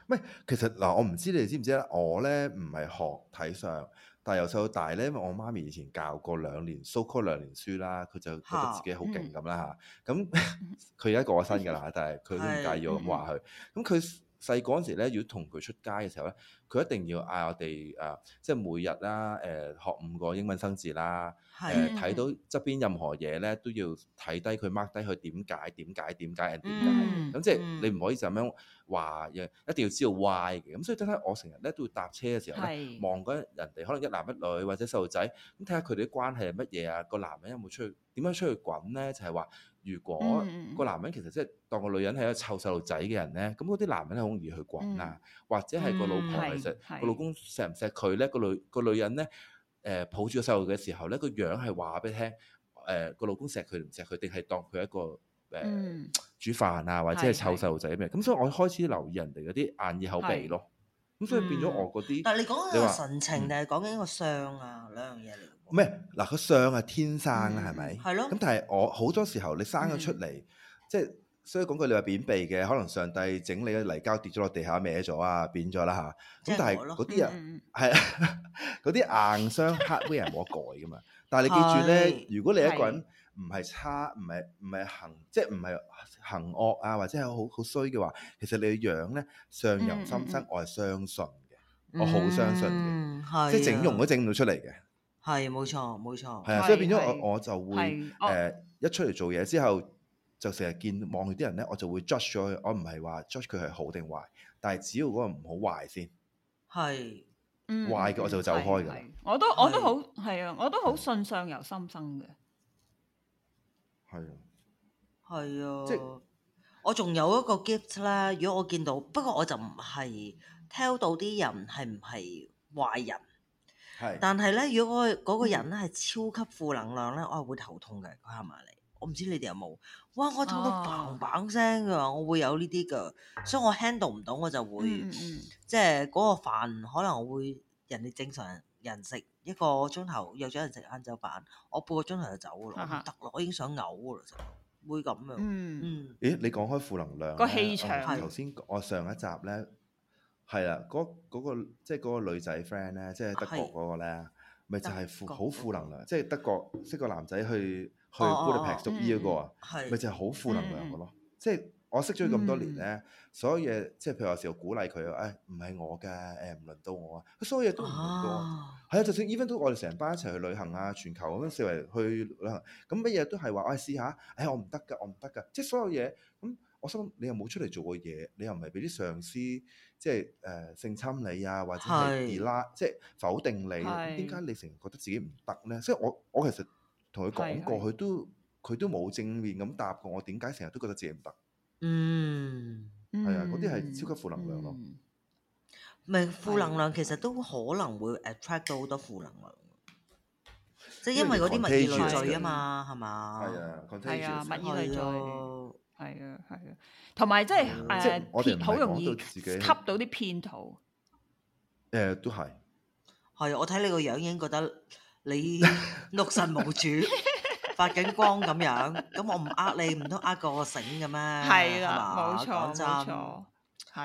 唔其實嗱、呃，我唔知你哋知唔知咧？我咧唔係學睇相，但係由細到大咧，因為我媽咪以前教過兩年，修科兩年書啦，佢就覺得自己好勁咁啦吓。咁佢而家過咗身噶啦， [laughs] 但係佢都唔介意我咁話佢。咁佢，嗯細個嗰陣時咧，要同佢出街嘅時候咧，佢一定要嗌我哋誒，即係每日啦，誒學五個英文生字啦，誒睇的、嗯、到側邊任何嘢咧，都要睇低佢 mark 低佢點解點解點解人點解。咁即係你唔可以就咁樣話，一定要知道 why 嘅。咁所以真係我成日咧都會搭車嘅時候咧，望嗰人哋可能一男一女或者細路仔，咁睇下佢哋啲關係係乜嘢啊？個的男人有冇出去？點樣出去滾咧？就係、是、話。如果個男人其實即係當個女人係一個臭細路仔嘅人咧，咁嗰啲男人咧好容易去滾啦、啊，嗯、或者係個老婆其實個、嗯、老公錫唔錫佢咧，個女個女人咧，誒抱住個細路嘅時候咧，個樣係話俾你聽，誒、呃、個老公錫佢定唔錫佢，定係當佢一個誒、嗯呃、煮飯啊，或者係臭細路仔咩？咁、嗯、所以我開始留意人哋嗰啲眼耳口鼻咯，咁、嗯、所以變咗我嗰啲。但係、嗯、你講緊個神情定係講緊個相啊，兩樣嘢。嚟。唔係嗱，個相係天生啦，係咪？係咯。咁但係我好多時候你生咗出嚟，即係所以講句你話扁鼻嘅，可能上帝整理啲泥膠跌咗落地下歪咗啊，扁咗啦吓！咁但係嗰啲人係嗰啲硬傷黑眉人冇得改噶嘛。但係你記住咧，如果你一個人唔係差，唔係唔係行，即係唔係行惡啊，或者係好好衰嘅話，其實你嘅樣咧，相由心生，我係相信嘅，我好相信嘅，即係整容都整到出嚟嘅。係冇 [music] 錯，冇錯係啊，所以變咗我是我，我就會誒、uh, 一出嚟做嘢之後就成日見望住啲人咧，我就會 judge 咗佢。我唔係話 judge 佢係好定壞，但係只要嗰個唔好壞先係壞嘅，我就走開噶。 [music] 我都我都好係啊，我都好信相由心生嘅係啊，係啊，即我仲有一個 gift 啦。如果我見到，不過我就唔係 tell 到啲人係唔係壞人。是是但係咧，如果嗰個人咧係超級負能量咧，嗯、我係會頭痛嘅。佢係埋嚟？我唔知你哋有冇？哇！我痛到砰砰聲㗎，啊、我會有呢啲㗎，所以我 handle 唔到，我就會，嗯嗯、即係嗰個飯可能我會人哋正常人食一個鐘頭，約咗人食晏晝飯，我半個鐘頭就走㗎咯，我唔得咯，我已經想嘔㗎啦，就會咁樣，嗯嗯。咦、嗯欸？你講開負能量個氣場係頭先，嗯、我上一集咧。係啦，嗰個即係嗰個女仔 friend 咧，即係德國嗰個咧，咪就係負好負能量。即係德國識個男仔去去布達佩斯讀醫嗰個啊，咪就係好負能量嘅咯。即係我識咗佢咁多年咧，所有嘢即係譬如話時候鼓勵佢誒唔係我嘅誒，唔輪到我啊。佢所有嘢都唔輪到啊。係啊，就算 even 都我哋成班一齊去旅行啊，全球咁樣四圍去旅行，咁乜嘢都係話我試下，誒我唔得㗎，我唔得㗎。即係所有嘢咁，我心諗你又冇出嚟做過嘢，你又唔係俾啲上司。即係誒性侵你啊，或者係而拉，即係否定你。點解你成日覺得自己唔得咧？所以，我我其實同佢講過，佢都佢都冇正面咁答過我。點解成日都覺得自己唔得？嗯，係啊，嗰啲係超級負能量咯。咪負能量其實都可能會 attract 到好多負能量，即係因為嗰啲物以類聚啊嘛，係嘛？係啊，物以類聚。係啊，係啊，同埋即係誒，好容易吸到啲騙徒。誒，都係。係啊，我睇你個樣已經覺得你六神無主，發緊光咁樣。咁我唔呃你，唔通呃個我醒嘅咩？係啊，冇錯，冇錯。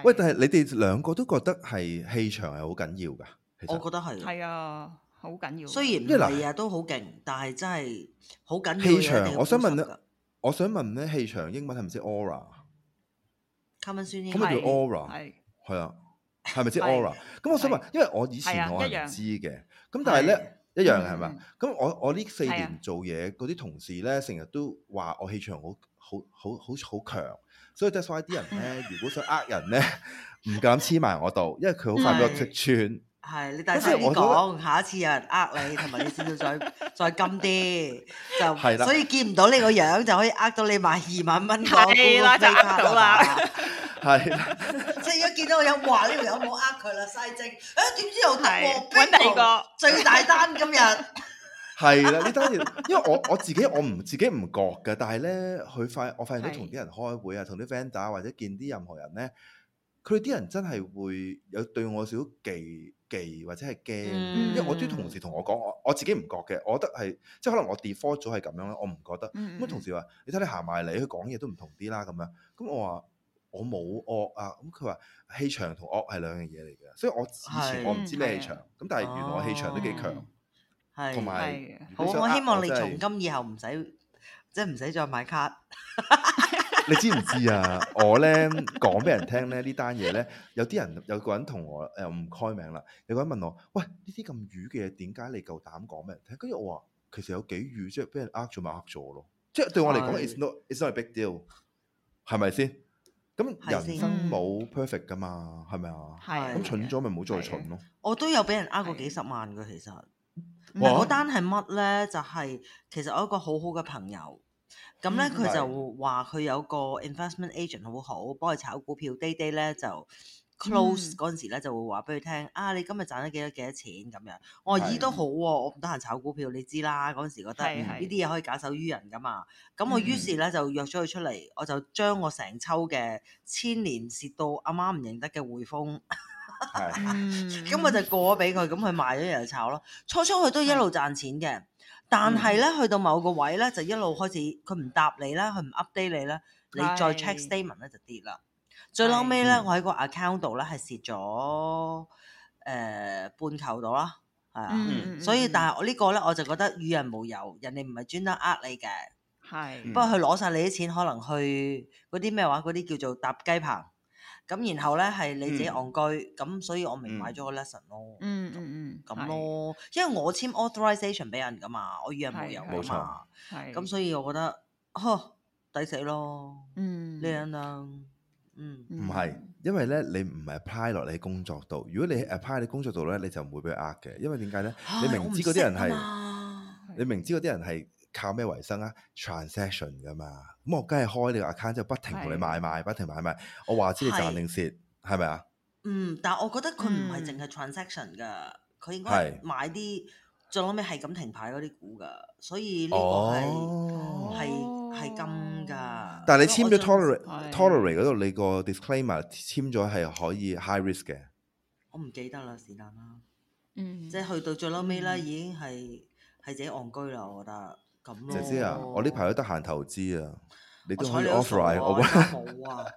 喂，但係你哋兩個都覺得係氣場係好緊要噶。我覺得係，係啊，好緊要。雖然一係啊都好勁，但係真係好緊要。氣場，我想問。我想問咧，氣場英文係咪係即 aura？咁咪叫 aura？係啊，係咪即 aura？咁我想問，因為我以前我係唔知嘅，咁但係咧一樣係咪？咁我我呢四年做嘢嗰啲同事咧，成日都話我氣場好好好好好強，所以 just 啲人咧，如果想呃人咧，唔敢黐埋我度，因為佢好快俾我識穿。係，你大聲啲講，下一次有人呃你，同埋你先至再再金啲，就係啦，所以見唔到你個樣就可以呃到你萬二萬蚊，睇啦就呃到啦，係。即係一見到個樣，哇！呢度有冇呃佢啦，犀精。誒點知又同我邊個最大單今日？係啦，你當然，因為我我自己我唔自己唔覺嘅，但係咧佢發我發現到同啲人開會啊，同啲 friend 打或者見啲任何人咧，佢啲人真係會有對我少忌。忌或者係驚，嗯、因為我啲同事同我講，我我自己唔覺嘅，我覺得係即係可能我 default 咗係咁樣，我唔覺得。咁、嗯、同事話，你睇你行埋嚟，佢講嘢都唔同啲啦咁樣。咁我話我冇惡啊，咁佢話氣場同惡係兩樣嘢嚟嘅，所以我以前我唔知咩氣場，咁但係原來我氣場都幾強。係，同埋好，我希望你從今以後唔使即係唔使再買卡。 [laughs] [laughs] 你知唔知啊？我咧講俾人聽咧呢單嘢咧，有啲人有個人同我誒唔開名啦。有個人問我：喂，呢啲咁瘀嘅嘢點解你夠膽講俾人聽？跟住我話其實有幾瘀，即係俾人呃咗咪呃咗咯。即係對我嚟講，it's not it's not a big deal，係咪先？咁人生冇 perfect 噶嘛，係咪啊？咁、嗯、蠢咗咪唔好再蠢咯。啊啊、我都有俾人呃過幾十萬嘅，其實。嗰單係乜咧？就係、是、其實我一個好好嘅朋友。咁咧，佢就話佢有個 investment agent 好好，幫佢炒股票。day day 咧就 close 嗰陣時咧，就會話俾佢聽，啊，你今日賺咗幾多幾多錢咁樣。我話咦都好喎，我唔得閒炒股票，你知啦。嗰陣時覺得呢啲嘢可以假手於人噶嘛。咁我於是咧就約咗佢出嚟，我就將我成抽嘅千年蝕到阿媽唔認得嘅匯豐，咁我就過咗俾佢，咁佢賣咗又炒咯。初初佢都一路賺錢嘅。但係咧，去到某個位咧，就一路開始佢唔答你啦，佢唔 update 你啦，你再 check statement 咧是就跌啦。是最嬲尾咧，嗯、我喺個 account 度咧係蝕咗誒半球度啦，係啊，嗯、所以但係我呢個咧我就覺得與人無尤，人哋唔係專登呃你嘅，係是。不過佢攞晒你啲錢，可能去嗰啲咩話嗰啲叫做搭雞棚。咁然後呢，係你自己戇居，咁所以我咪買咗個 lesson 咯。嗯嗯咁咯，因為我簽 authorization 俾人噶嘛，我預人冇有冇錯，咁所以我覺得呵，抵死咯，靚啦，嗯。唔係，因為呢，你唔係派落你工作度，如果你派你工作度呢，你就唔會俾佢呃嘅，因為點解呢？你明知嗰啲人係，你明知嗰啲人係。靠咩為生啊？transaction 噶嘛，咁我梗係開你個 account，就不停同你買賣，不停買賣。我話知你賺定蝕，係咪啊？嗯，但係我覺得佢唔係淨係 transaction 噶，佢應該買啲最尾係咁停牌嗰啲股噶，所以呢個係係係金噶。但係你簽咗 tolerance 嗰度，你個 disclaimer 簽咗係可以 high risk 嘅。我唔記得啦，是但啦。嗯，即係去到最尾啦，已經係係自己戇居啦，我覺得。咁咯，姐姐啊，我呢排都得閒投資啊，你都可以 offer 我。冇啊，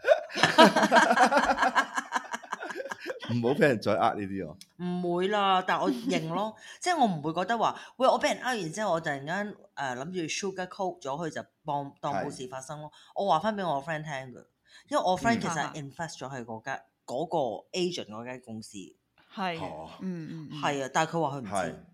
唔好俾人再呃呢啲啊。唔會啦，但係我認咯，即係我唔會覺得話，喂，我俾人呃完之後我突然間誒諗住 sugar coat 咗佢，就當當冇事發生咯。我話翻俾我 friend 聽㗎，因為我 friend 其實 invest 咗喺嗰間嗰個 agent 嗰間公司，係，嗯，係啊，但係佢話佢唔知。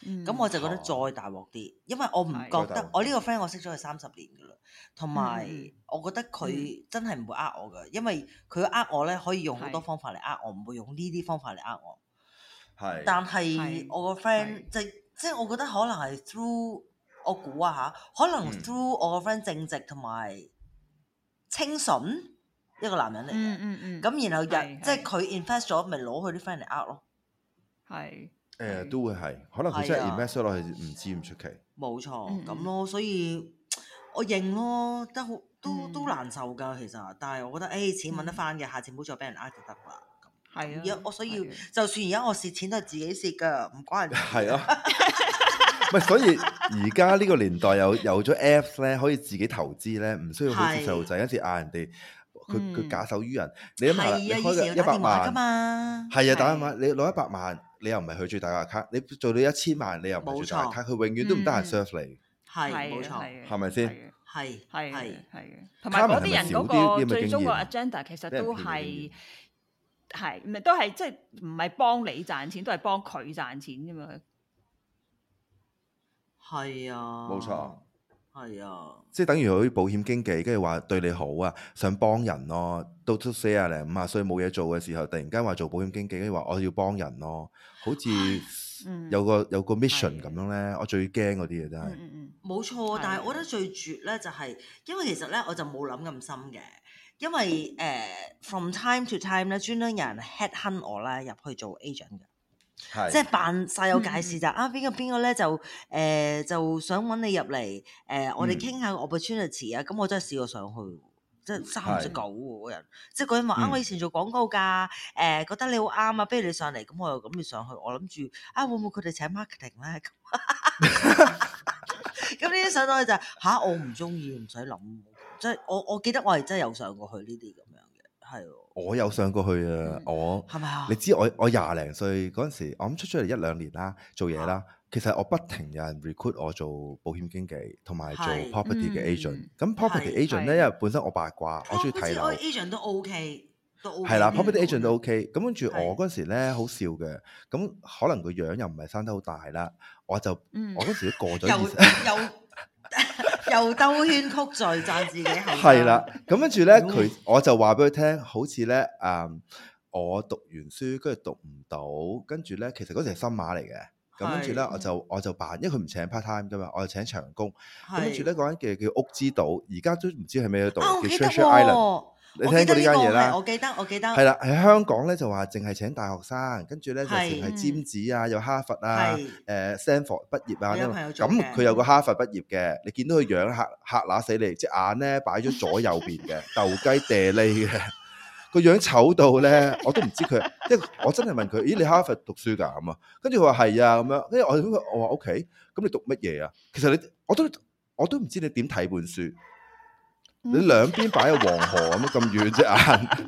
咁我就覺得再大鑊啲，因為我唔覺得我呢個 friend 我識咗佢三十年噶啦，同埋我覺得佢真係唔會呃我噶，因為佢呃我咧可以用好多方法嚟呃我，唔會用呢啲方法嚟呃我。係。但係我個 friend 就即係我覺得可能係 through 我估啊嚇，可能 through 我個 friend 正直同埋清純一個男人嚟嘅，咁然後人即係佢 invest 咗，咪攞佢啲 friend 嚟呃咯。係。誒都會係，可能佢真係 invest 咗落去唔知唔出奇。冇錯，咁咯，所以我認咯，都好都都難受㗎。其實，但係我覺得誒錢揾得翻嘅，下次唔好再俾人呃就得啦。咁係啊，我所以就算而家我蝕錢都係自己蝕㗎，唔關人。係啊，唔係所以而家呢個年代有有咗 Apps 咧，可以自己投資咧，唔需要好似細路仔嗰陣嗌人哋佢佢假手於人。你一你開一百萬㗎嘛？係啊，打一百，你攞一百萬。你又唔係佢最大嘅 account，你做到一千萬，你又唔係最大嘅 account，佢永遠都唔得閒 serve 你，係冇錯，係咪先？係係係，同埋嗰啲人嗰個最終個 agenda 其實都係，係唔係都係即係唔係幫你賺錢，都係幫佢賺錢啫嘛？係啊的，冇錯。係啊，即係等於佢保險經紀，跟住話對你好啊，想幫人咯。到到四啊零五啊歲冇嘢做嘅時候，突然間話做保險經紀，跟住話我要幫人咯，好似有個，唉有，個有個 mission 咁的樣咧。我最驚嗰啲嘢真係，冇錯。但係我覺得最絕咧就係、是，因為其實咧我就冇諗咁深嘅，因為誒、uh, from time to time 咧，專登有人 head hunt 我啦入去做 agent 嘅。即係扮晒有介紹、嗯啊、就啊邊個邊個咧就誒就想揾你入嚟誒、呃、我哋傾下我個穿日詞啊，咁我真係試過上去，即係三隻狗喎個人，即係嗰人話啊，我以前做廣告噶誒、呃、覺得你好啱啊，不如你上嚟。咁我又咁要上去，我諗住啊，會唔會佢哋請 marketing 咧？咁呢啲上到去就吓、是啊、我唔中意唔使諗，即係、就是、我我，我記得我係真係有上過去呢啲咁樣嘅係我有上過去啊！我係咪啊？你知我我廿零歲嗰陣時，我咁出出嚟一兩年啦，做嘢啦。其實我不停有人 recruit 我做保險經紀，同埋做 property 嘅 agent。咁 property agent 咧，因為本身我八卦，我中意睇樓。agent 都 OK，都 OK。係啦，property agent 都 OK。咁跟住我嗰陣時咧，好笑嘅。咁可能個樣又唔係生得好大啦，我就我嗰時都過咗二十。 [laughs] 又兜圈曲聚讚自己係啦，咁跟住咧，佢、oh. 我就話俾佢聽，好似咧，嗯，我讀完書跟住讀唔到，跟住咧，其實嗰時係新馬嚟嘅，咁跟住咧，我就我就扮，因為佢唔請 part time 噶嘛，我就請長工，咁跟住咧，嗰間嘅叫屋之島，而家都唔知係咩度，oh, 叫 Chucho Island。你聽過呢件嘢啦，我記得，我記得係啦。喺香港咧就話淨係請大學生，跟住咧就淨係尖子啊，有哈佛啊，誒 Stanford 畢業啊。有朋友做嘅。咁佢有個哈佛畢業嘅，你見到佢樣嚇嚇乸死你隻眼咧擺咗左右邊嘅，鬥雞嗲脷嘅，個樣醜到咧，我都唔知佢。即係我真係問佢，咦，你哈佛讀書㗎？咁啊？跟住佢話係啊，咁樣。跟住我我話，O K，咁你讀乜嘢啊？其實你我都我都唔知你點睇本書。你兩邊擺喺黃河咁樣咁遠啫，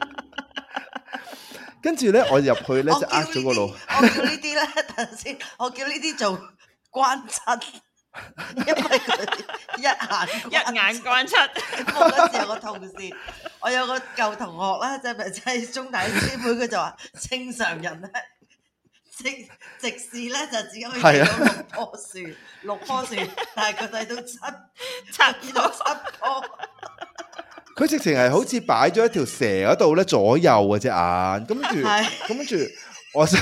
跟住咧我入去咧就呃咗個路我。 [laughs] 我叫呢啲咧，等先。我叫呢啲做關七，因為佢一眼關 [laughs] 一眼關七。 [laughs] 我嗰時候有個同事，我有個舊同學啦，即係即係中大師傅。佢就話正常人咧，直直視咧就只可以睇到六棵樹，是啊、六棵樹，但係佢睇到七，差啲到七棵。七棵 [laughs] 佢直情係好似擺咗一條蛇嗰度咧，左右啊隻眼，跟住， [laughs] 跟住、呃，我就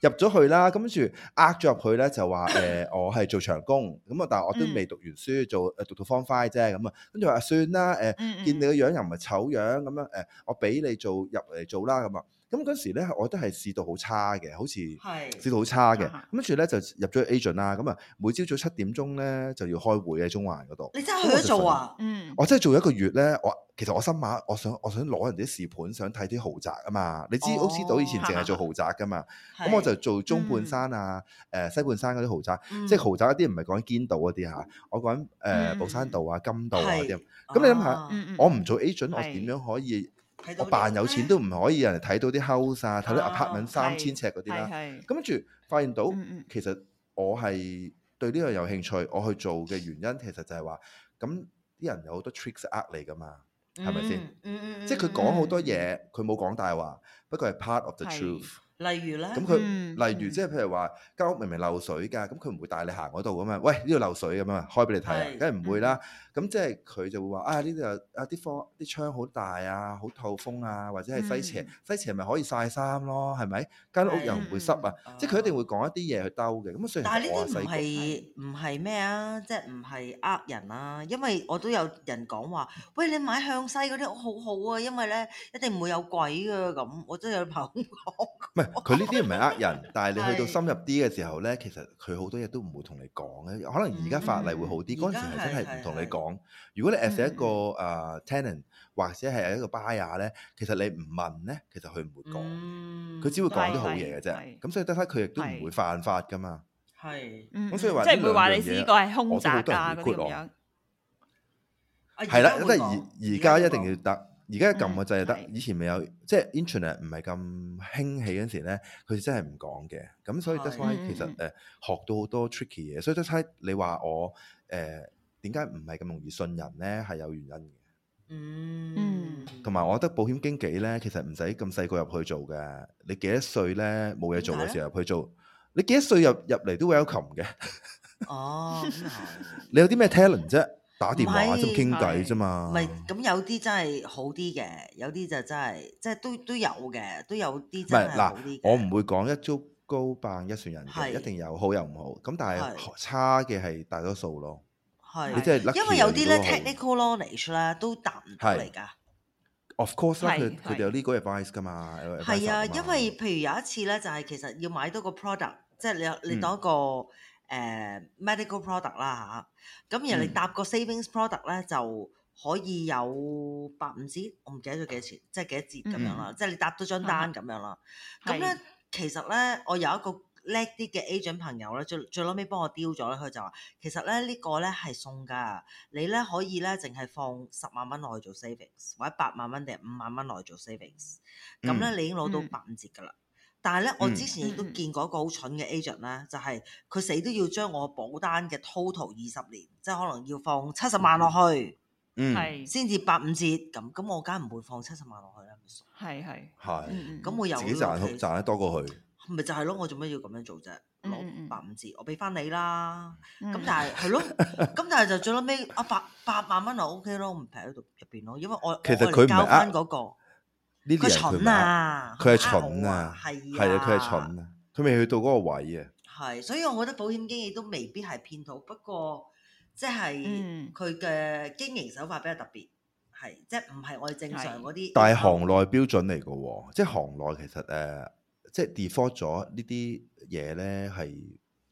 入咗去啦，跟住呃咗入去咧就話，誒，我係做長工，咁啊，但係我都未讀完書，做誒讀到方塊啫，咁啊，跟住話算啦，誒、呃，見你個樣又唔係醜樣，咁樣，誒、呃，我俾你做入嚟做啦，咁啊。咁嗰時咧，我覺得係市道好差嘅，好似市道好差嘅。咁跟住咧就入咗 agent 啦。咁啊，每朝早七點鐘咧就要開會喺中環嗰度。你真係去咗做啊？嗯。我真係做一個月咧，我其實我心諗，我想我想攞人啲試盤，想睇啲豪宅啊嘛。你知屋企島以前淨係做豪宅噶嘛？咁我就做中半山啊，誒西半山嗰啲豪宅，即係豪宅一啲唔係講緊堅道嗰啲嚇，我講緊誒寶山道啊、金道啊啲。咁你諗下，我唔做 agent，我點樣可以？我扮有錢都唔可以人哋睇到啲 house 啊，睇到 apartment 三千、oh, 尺嗰啲啦，咁跟住發現到、嗯、其實我係對呢樣有興趣，我去做嘅原因其實就係話，咁啲人有好多 tricks 呃你噶嘛，係咪先？即係佢講好多嘢，佢冇講大話，嗯、不過係 part of the truth。例如咧，咁佢例如即係譬如話，間屋明明漏水㗎，咁佢唔會帶你行嗰度㗎嘛，喂，呢度漏水㗎嘛，開俾你睇啊，梗係唔會啦。咁即係佢就會話啊，呢度有啊啲窗，啲窗好大啊，好透風啊，或者係西斜，西斜咪可以曬衫咯，係咪？間屋又唔會濕啊，即係佢一定會講一啲嘢去兜嘅。咁啊，所以但係呢啲唔係唔係咩啊？即係唔係呃人啊？因為我都有人講話，喂，你買向西嗰啲屋好好啊，因為咧一定唔會有鬼㗎咁。我都有朋友講唔係。佢呢啲唔係呃人，但係你去到深入啲嘅時候咧，其實佢好多嘢都唔會同你講嘅。可能而家法例會好啲，嗰陣時係真係唔同你講。如果你係一個誒 tenant 或者係一個 buyer 咧，其實你唔問咧，其實佢唔會講。佢只會講啲好嘢嘅啫。咁所以得返，佢亦都唔會犯法㗎嘛。係，咁所以話即係唔會話你係一個係兇宅啊嗰啲咁樣。係啦，即係而而家一定要得。而家撳個掣就得，嗯、以前未有，即係 internet 唔係咁興起嗰陣時咧，佢真係唔講嘅。咁所以 that's why 其實誒、嗯呃、學到好多 tricky 嘢。所以 that's why 你話我誒點解唔係咁容易信人咧，係有原因嘅。嗯，同埋我覺得保險經紀咧，其實唔使咁細個入去做嘅。你幾多歲咧冇嘢做嘅時候入去做？嗯、你幾多歲入入嚟都會有琴嘅。 [laughs] 哦， [laughs] 你有啲咩 talent 啫？打電話唔係，傾偈啫嘛。唔係，咁有啲真係好啲嘅，有啲就真係，即係都都有嘅，都有啲真係好啲。唔係嗱，我唔會講一竹篙扮一船人，一定有好有唔好。咁但係差嘅係大多數咯。係。你即係因為有啲咧 technical knowledge 啦，都答唔到嚟㗎。Of course 佢哋有呢個 advice 㗎嘛。係啊，因為譬如有一次咧，就係其實要買多個 product，即係你一個。誒、uh, medical product 啦、啊、吓，咁而你搭個 savings product 咧、嗯、就可以有八五折，我唔記得咗、嗯、幾多錢，即係幾多折咁樣啦，即係你搭多張單咁樣啦。咁咧其實咧，我有一個叻啲嘅 agent 朋友咧，最最後尾幫我丟咗咧，佢就話其實咧呢、呢個咧係送㗎，你咧可以咧淨係放十萬蚊內做 savings，或者八萬蚊定五萬蚊內做 savings，咁咧你已經攞到八五折㗎啦。嗯。但係咧，我之前亦都見過一個好蠢嘅 agent 咧，就係、是、佢死都要將我保單嘅 total 二十年，即、就、係、是、可能要放七十萬落去，嗯，係先至八五折咁，咁我梗係唔會放七十萬落去啦，係係係，咁、嗯、我又自己賺多賺多過佢，咪就係咯，我做咩要咁樣做啫？攞八五折，我俾翻你啦。咁但係係咯，咁但係就最尾，啊百八萬蚊就 O K 咯，唔平喺度入邊咯，因為我其實佢交返嗰、那個。呢啲佢蠢啊！佢係蠢啊！係啊！佢係蠢啊！佢未去到嗰個位啊！係，所以我覺得保險經理都未必係騙徒，不過即係佢嘅經營手法比較特別，係即係唔係我哋正常嗰啲對。但係行內標準嚟嘅喎，即係行內其實誒，即係 default 咗呢啲嘢咧，係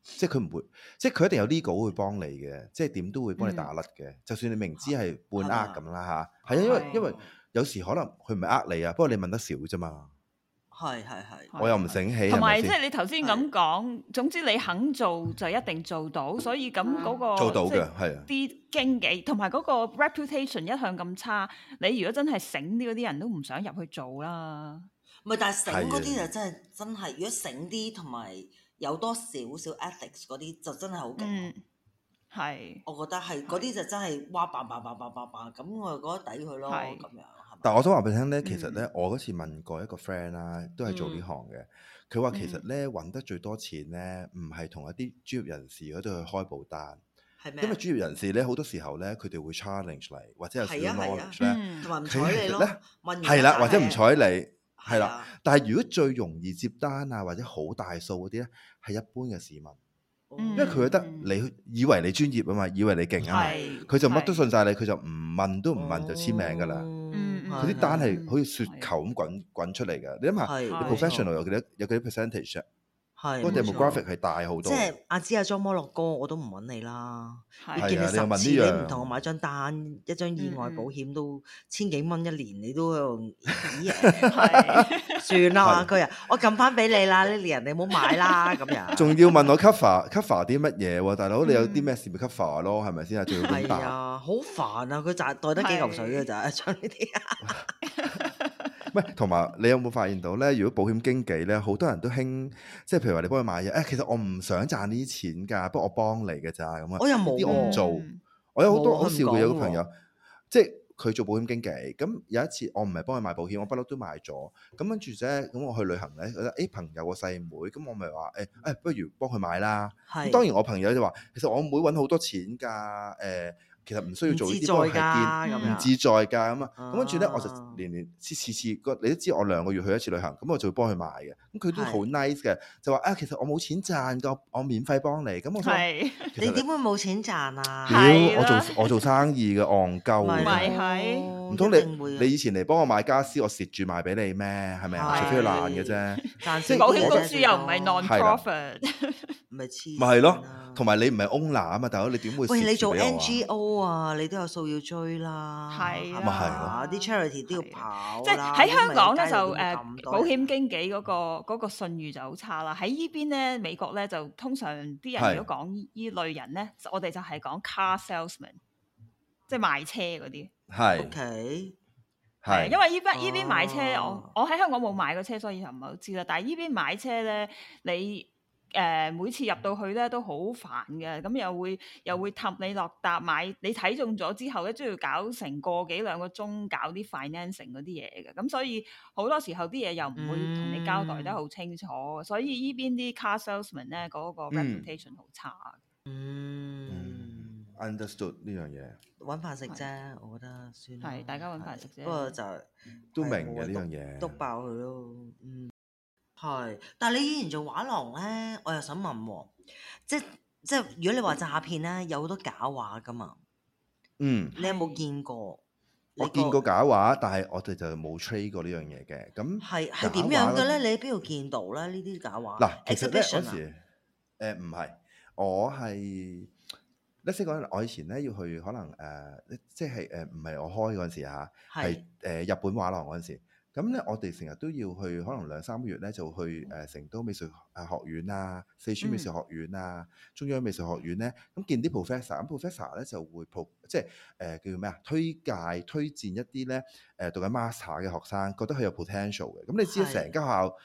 即係佢唔會，即係佢一定有 legal 會幫你嘅，即係點都會幫你打甩嘅，就算你明知係半呃咁啦吓，係啊，因為因為。有時可能佢唔係呃你啊，不過你問得少啫嘛。係係係，我又唔醒起。同埋即係你頭先咁講，總之你肯做就一定做到，所以咁嗰個做到嘅啲經紀同埋嗰個 reputation 一向咁差，你如果真係醒啲嗰啲人都唔想入去做啦。唔係，但係醒嗰啲就真係真係，如果醒啲同埋有多少少 ethics 嗰啲，就真係好勁。係，我覺得係嗰啲就真係哇，bang bang bang bang bang bang，咁我覺得抵佢咯，咁樣。但我想話俾你聽咧，其實咧，我嗰次問過一個 friend 啦、啊，都係做呢行嘅。佢話、嗯、其實咧，揾得最多錢咧，唔係同一啲專業人士喺度去開保單，係咩？因為專業人士咧，好多時候咧，佢哋會 challenge 嚟，或者有時 challenge 咧，同埋唔睬你係啦，或者唔睬你係、啊、啦。但係如果最容易接單啊，或者好大數嗰啲咧，係一般嘅市民，嗯、因為佢覺得你以為你專業啊嘛，以為你勁啊嘛，佢就乜都信晒你，佢就唔問都唔問，問就簽名㗎啦。佢啲單係好似雪球咁滾滾，滾出嚟嘅，你諗下是，你 professional 的有幾多有幾多 percentage？係，個 demographic 係大好多。即係阿芝阿張摩洛哥，我都唔揾你啦。你見你十次，你唔同我買張單，一張意外保險都千幾蚊一年，你都喺度算啦。佢話：我撳翻俾你啦 Lilian，你唔好買啦。咁樣仲要問我 cover cover 啲乜嘢喎？大佬，你有啲咩事咪 cover 咯？係咪先啊？仲要亂答。係啊，好煩啊！佢就係袋得幾嚿水嘅咋？做呢啲。唔同埋你有冇發現到咧？如果保險經紀咧，好多人都興，即係譬如話你幫佢買嘢，誒、哎，其實我唔想賺呢啲錢㗎，不過我幫你嘅咋，咁樣我又冇啲我唔做，我有好多好笑嘅，有個朋友，即係佢做保險經紀。咁有一次我唔係幫佢買保險，我不嬲都買咗。咁跟住啫，咁我去旅行咧，覺得誒朋友個細妹，妹，咁我咪話誒誒，不如幫佢買啦。咁是當然我朋友就話，其實我妹揾好多錢㗎，誒、呃。其實唔需要做呢啲幫佢係店，唔自在㗎咁啊！咁跟住咧，我就年年次次次個，你都知我兩個月去一次旅行，咁我就幫佢買嘅。咁佢都好 nice 嘅，就話啊，其實我冇錢賺㗎，我免費幫你。咁我想你點會冇錢賺啊？屌，我做我做生意嘅，戇鳩嘅，唔係係唔通你你以前嚟幫我買家私，我蝕住賣俾你咩？係咪啊？除非爛嘅啫，保險公司又唔係 non-profit。.咪黐咪係咯，同埋你唔係 owner 啊嘛，大佬你點會黐住俾我？喂，你做 NGO 啊，你都有數要追啦。係啊，啲 charity 都要跑。即係喺香港咧就誒保險經紀嗰個嗰個信譽就好差啦。喺依邊咧美國咧就通常啲人如果講依類人咧，我哋就係講 car salesman，即係賣車嗰啲。係。OK 係，因為依邊依啲買車，我我喺香港冇買過車，所以就唔係好知啦。但係依邊買車咧，你。誒每次入到去咧都好煩嘅，咁又會又會氹你落搭買，你睇中咗之後咧，都要搞成個幾兩個鐘搞啲 financing 嗰啲嘢嘅，咁、嗯、所以好多時候啲嘢又唔會同你交代得好清楚，嗯、所以呢邊啲 car salesman 咧嗰個 reputation 好、嗯、差。嗯，understood 呢樣嘢。揾飯食啫，是我覺得算。係，大家揾飯食啫。不過就係都明嘅呢樣嘢。督爆佢咯，嗯。係，但係你以前做畫廊咧，我又想問喎，哦，即即如果你話詐騙咧，有好多假畫噶嘛？嗯，你有冇見過？我見過假畫，過但係我哋就冇 trade 過樣呢樣嘢嘅。咁係係點樣嘅咧？你喺邊度見到咧？呢啲假畫嗱，其實咧嗰陣時，唔係，呃，我係，你先講，我以前咧要去可能誒，呃，即係誒唔係我開嗰陣時嚇，係，呃，日本畫廊嗰陣時。咁咧，我哋成日都要去，可能兩三個月咧就去誒成都美術誒學院啊、四川美術學院啊、嗯、中央美術學院咧，咁見啲 professor，咁 professor 咧就會即係誒叫咩啊？推介推薦一啲咧誒讀緊 master 嘅學生，覺得佢有 potential 嘅。咁你知成間學校。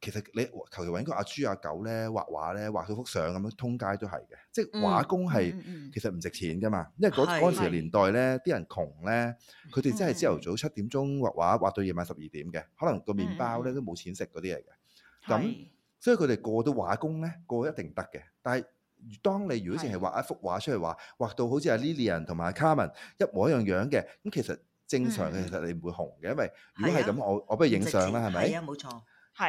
其實你求其揾個阿豬阿、啊、狗咧畫畫咧畫幾幅相咁樣，通街都係嘅。即係畫工係其實唔值錢噶嘛，嗯、因為嗰嗰陣時年代咧，啲是人窮咧，佢哋真係朝頭早七點鐘畫畫，畫到夜晚十二點嘅，可能個麵包咧、嗯、都冇錢食嗰啲嚟嘅。咁是所以佢哋過到畫工咧過一定得嘅。但係當你如果淨係畫一幅畫出嚟畫，畫到好似阿 Lilian 同埋阿 Carmen 一模一樣樣嘅，咁其實正常嘅，其實你唔會紅嘅，因為如果係咁，我我不如影相啦，係咪？係啊，冇錯。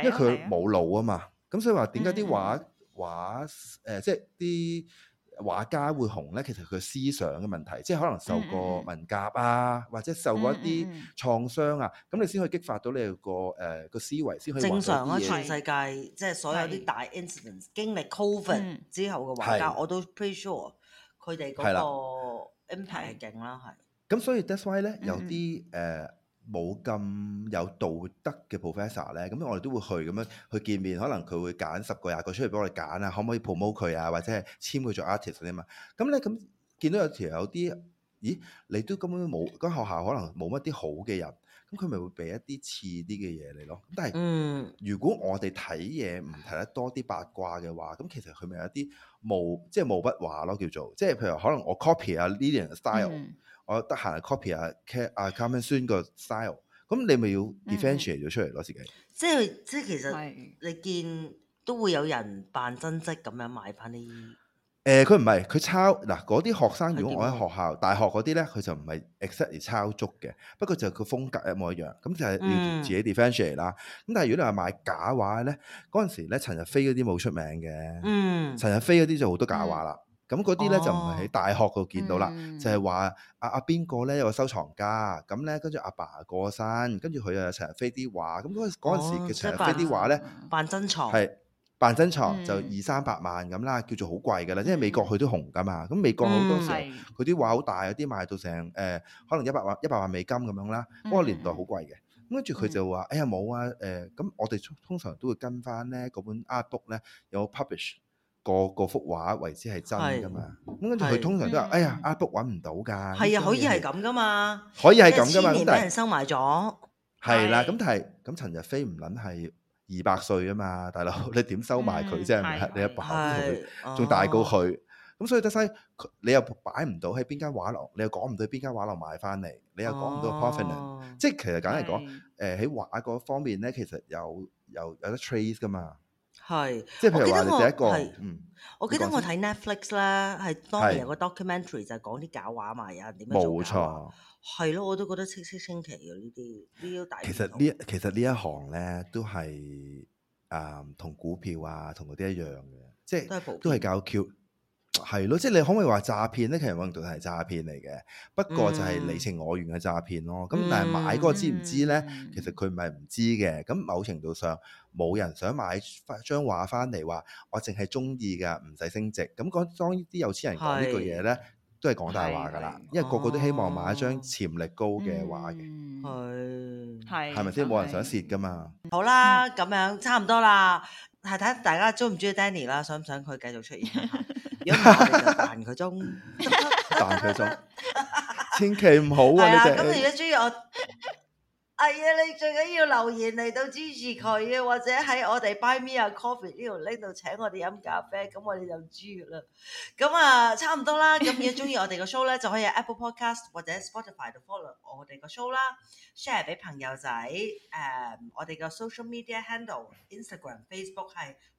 因為佢冇腦啊嘛，咁、啊嗯、所以話點解啲畫畫誒，即係啲畫家會紅咧？其實佢思想嘅問題，即、就、係、是、可能受過文革啊，嗯、或者受過一啲創傷啊，咁、嗯嗯、你先可以激發到你個誒個思維，先可以畫到嘢。正常啊，全世界即係、就是、所有啲大 incident 的經歷 Covid 之後嘅畫家，的我都 pretty sure 佢哋嗰個 impact 係勁啦，係。咁所以 that's why 咧，有啲誒。 [noise] 冇咁有道德嘅 professor 咧，咁我哋都會去咁樣去見面，可能佢會揀十個、廿個出嚟幫我哋揀啊，可唔可以 promote 佢啊，或者係簽佢做 artist 啊嘛。咁咧咁見到有條有啲，咦？你都根本都冇，間學校可能冇乜啲好嘅人，咁佢咪會俾一啲似啲嘅嘢你咯。但係、嗯、如果我哋睇嘢唔睇得多啲八卦嘅話，咁其實佢咪有啲冇即係模不畫咯，叫做即係譬如可能我 copy 啊 Lilian style、嗯。我得閒 copy 阿阿卡門孫個 style，咁、嗯、你咪要 differentiate 咗出嚟囉、嗯、自己。即係即係其實是你見都會有人扮真跡咁樣買翻啲。誒、呃，佢唔係佢抄嗱，嗰、啊、啲學生如果我喺學校大學嗰啲咧，佢就唔係 exactly 抄足嘅。不過就個風格一模一樣，咁就係要自己 differentiate 啦。咁但係如果你話買假畫咧，嗰陣時咧陳日飛嗰啲冇出名嘅，嗯，陳日飛嗰啲、嗯、就好多假畫啦。嗯咁嗰啲咧就唔係喺大學度見到啦，哦、就係話阿阿邊個咧有個收藏家，咁咧跟住阿爸過身，跟住佢啊成日飛啲畫，咁嗰嗰陣時佢成日飛啲畫咧，哦、扮珍藏，係扮珍藏就二三百萬咁啦、嗯嗯，叫做好貴㗎啦，因為美國佢都紅㗎嘛，咁美國好多時候佢啲畫好大，有啲賣到成誒、呃、可能一百萬一百萬美金咁樣啦，嗰個年代好貴嘅，咁跟住佢就話，哎呀冇、哎嗯、啊，誒、呃、咁、呃嗯嗯嗯嗯嗯嗯、我哋通常都會跟翻咧嗰本 art book 咧有，有 publish。個個幅畫為之係真噶嘛？咁跟住佢通常都話：哎呀，阿伯揾唔到㗎。係啊，可以係咁噶嘛？可以係咁噶嘛？但係千年俾人收埋咗。係啦，咁但係咁陳日飛唔撚係二百歲啊嘛，大佬你點收埋佢啫？你一爆佢，仲大過佢。咁所以得翻，你又擺唔到喺邊間畫廊，你又講唔到邊間畫廊買翻嚟，你又講唔到個 profit。即係其實簡直講，誒喺畫嗰方面咧，其實有有有得 trace 㗎嘛。係，是即係譬如話，第一個，嗯，我記得我睇、嗯、是 Netflix 啦，係當年有個 documentary 就係講啲假畫嘛，有人點樣做假，係咯錯，我都覺得清奇出奇嘅呢啲，呢啲、啊、大其實呢其實呢一行咧都係誒同股票啊同嗰啲一樣嘅，即係都係教 Q。係咯，即係你可唔可以話詐騙咧？其實某種程度係詐騙嚟嘅，不過就係你情我願嘅詐騙咯。咁但係買嗰個知唔知咧？其實佢唔係唔知嘅。咁某程度上，冇人想買張畫翻嚟話我淨係中意噶，唔使升值。咁講當啲有錢人講呢句嘢咧，都係講大話噶啦。因為個個都希望買一張潛力高嘅畫嘅，係係咪先？冇、哦嗯嗯、人想蝕噶嘛。好啦，咁樣差唔多啦，係睇大家中唔中意 Denny 啦，想唔想佢繼續出現？ [laughs] 彈佢鐘，彈佢鐘，千祈唔好啊！咁你如果中意我，係啊，你最緊要留言嚟到支持佢啊，或者喺我哋 Buy Me a Coffee 呢條 link 度請我哋飲咖啡，咁我哋就知㗎啦。咁啊，差唔多啦。咁如果中意我哋個 show 咧，就可以喺 Apple Podcast 或者 Spotify 度 follow 我哋個 show 啦，share 俾朋友仔。誒，我哋個 social media handle，Instagram、Facebook 係。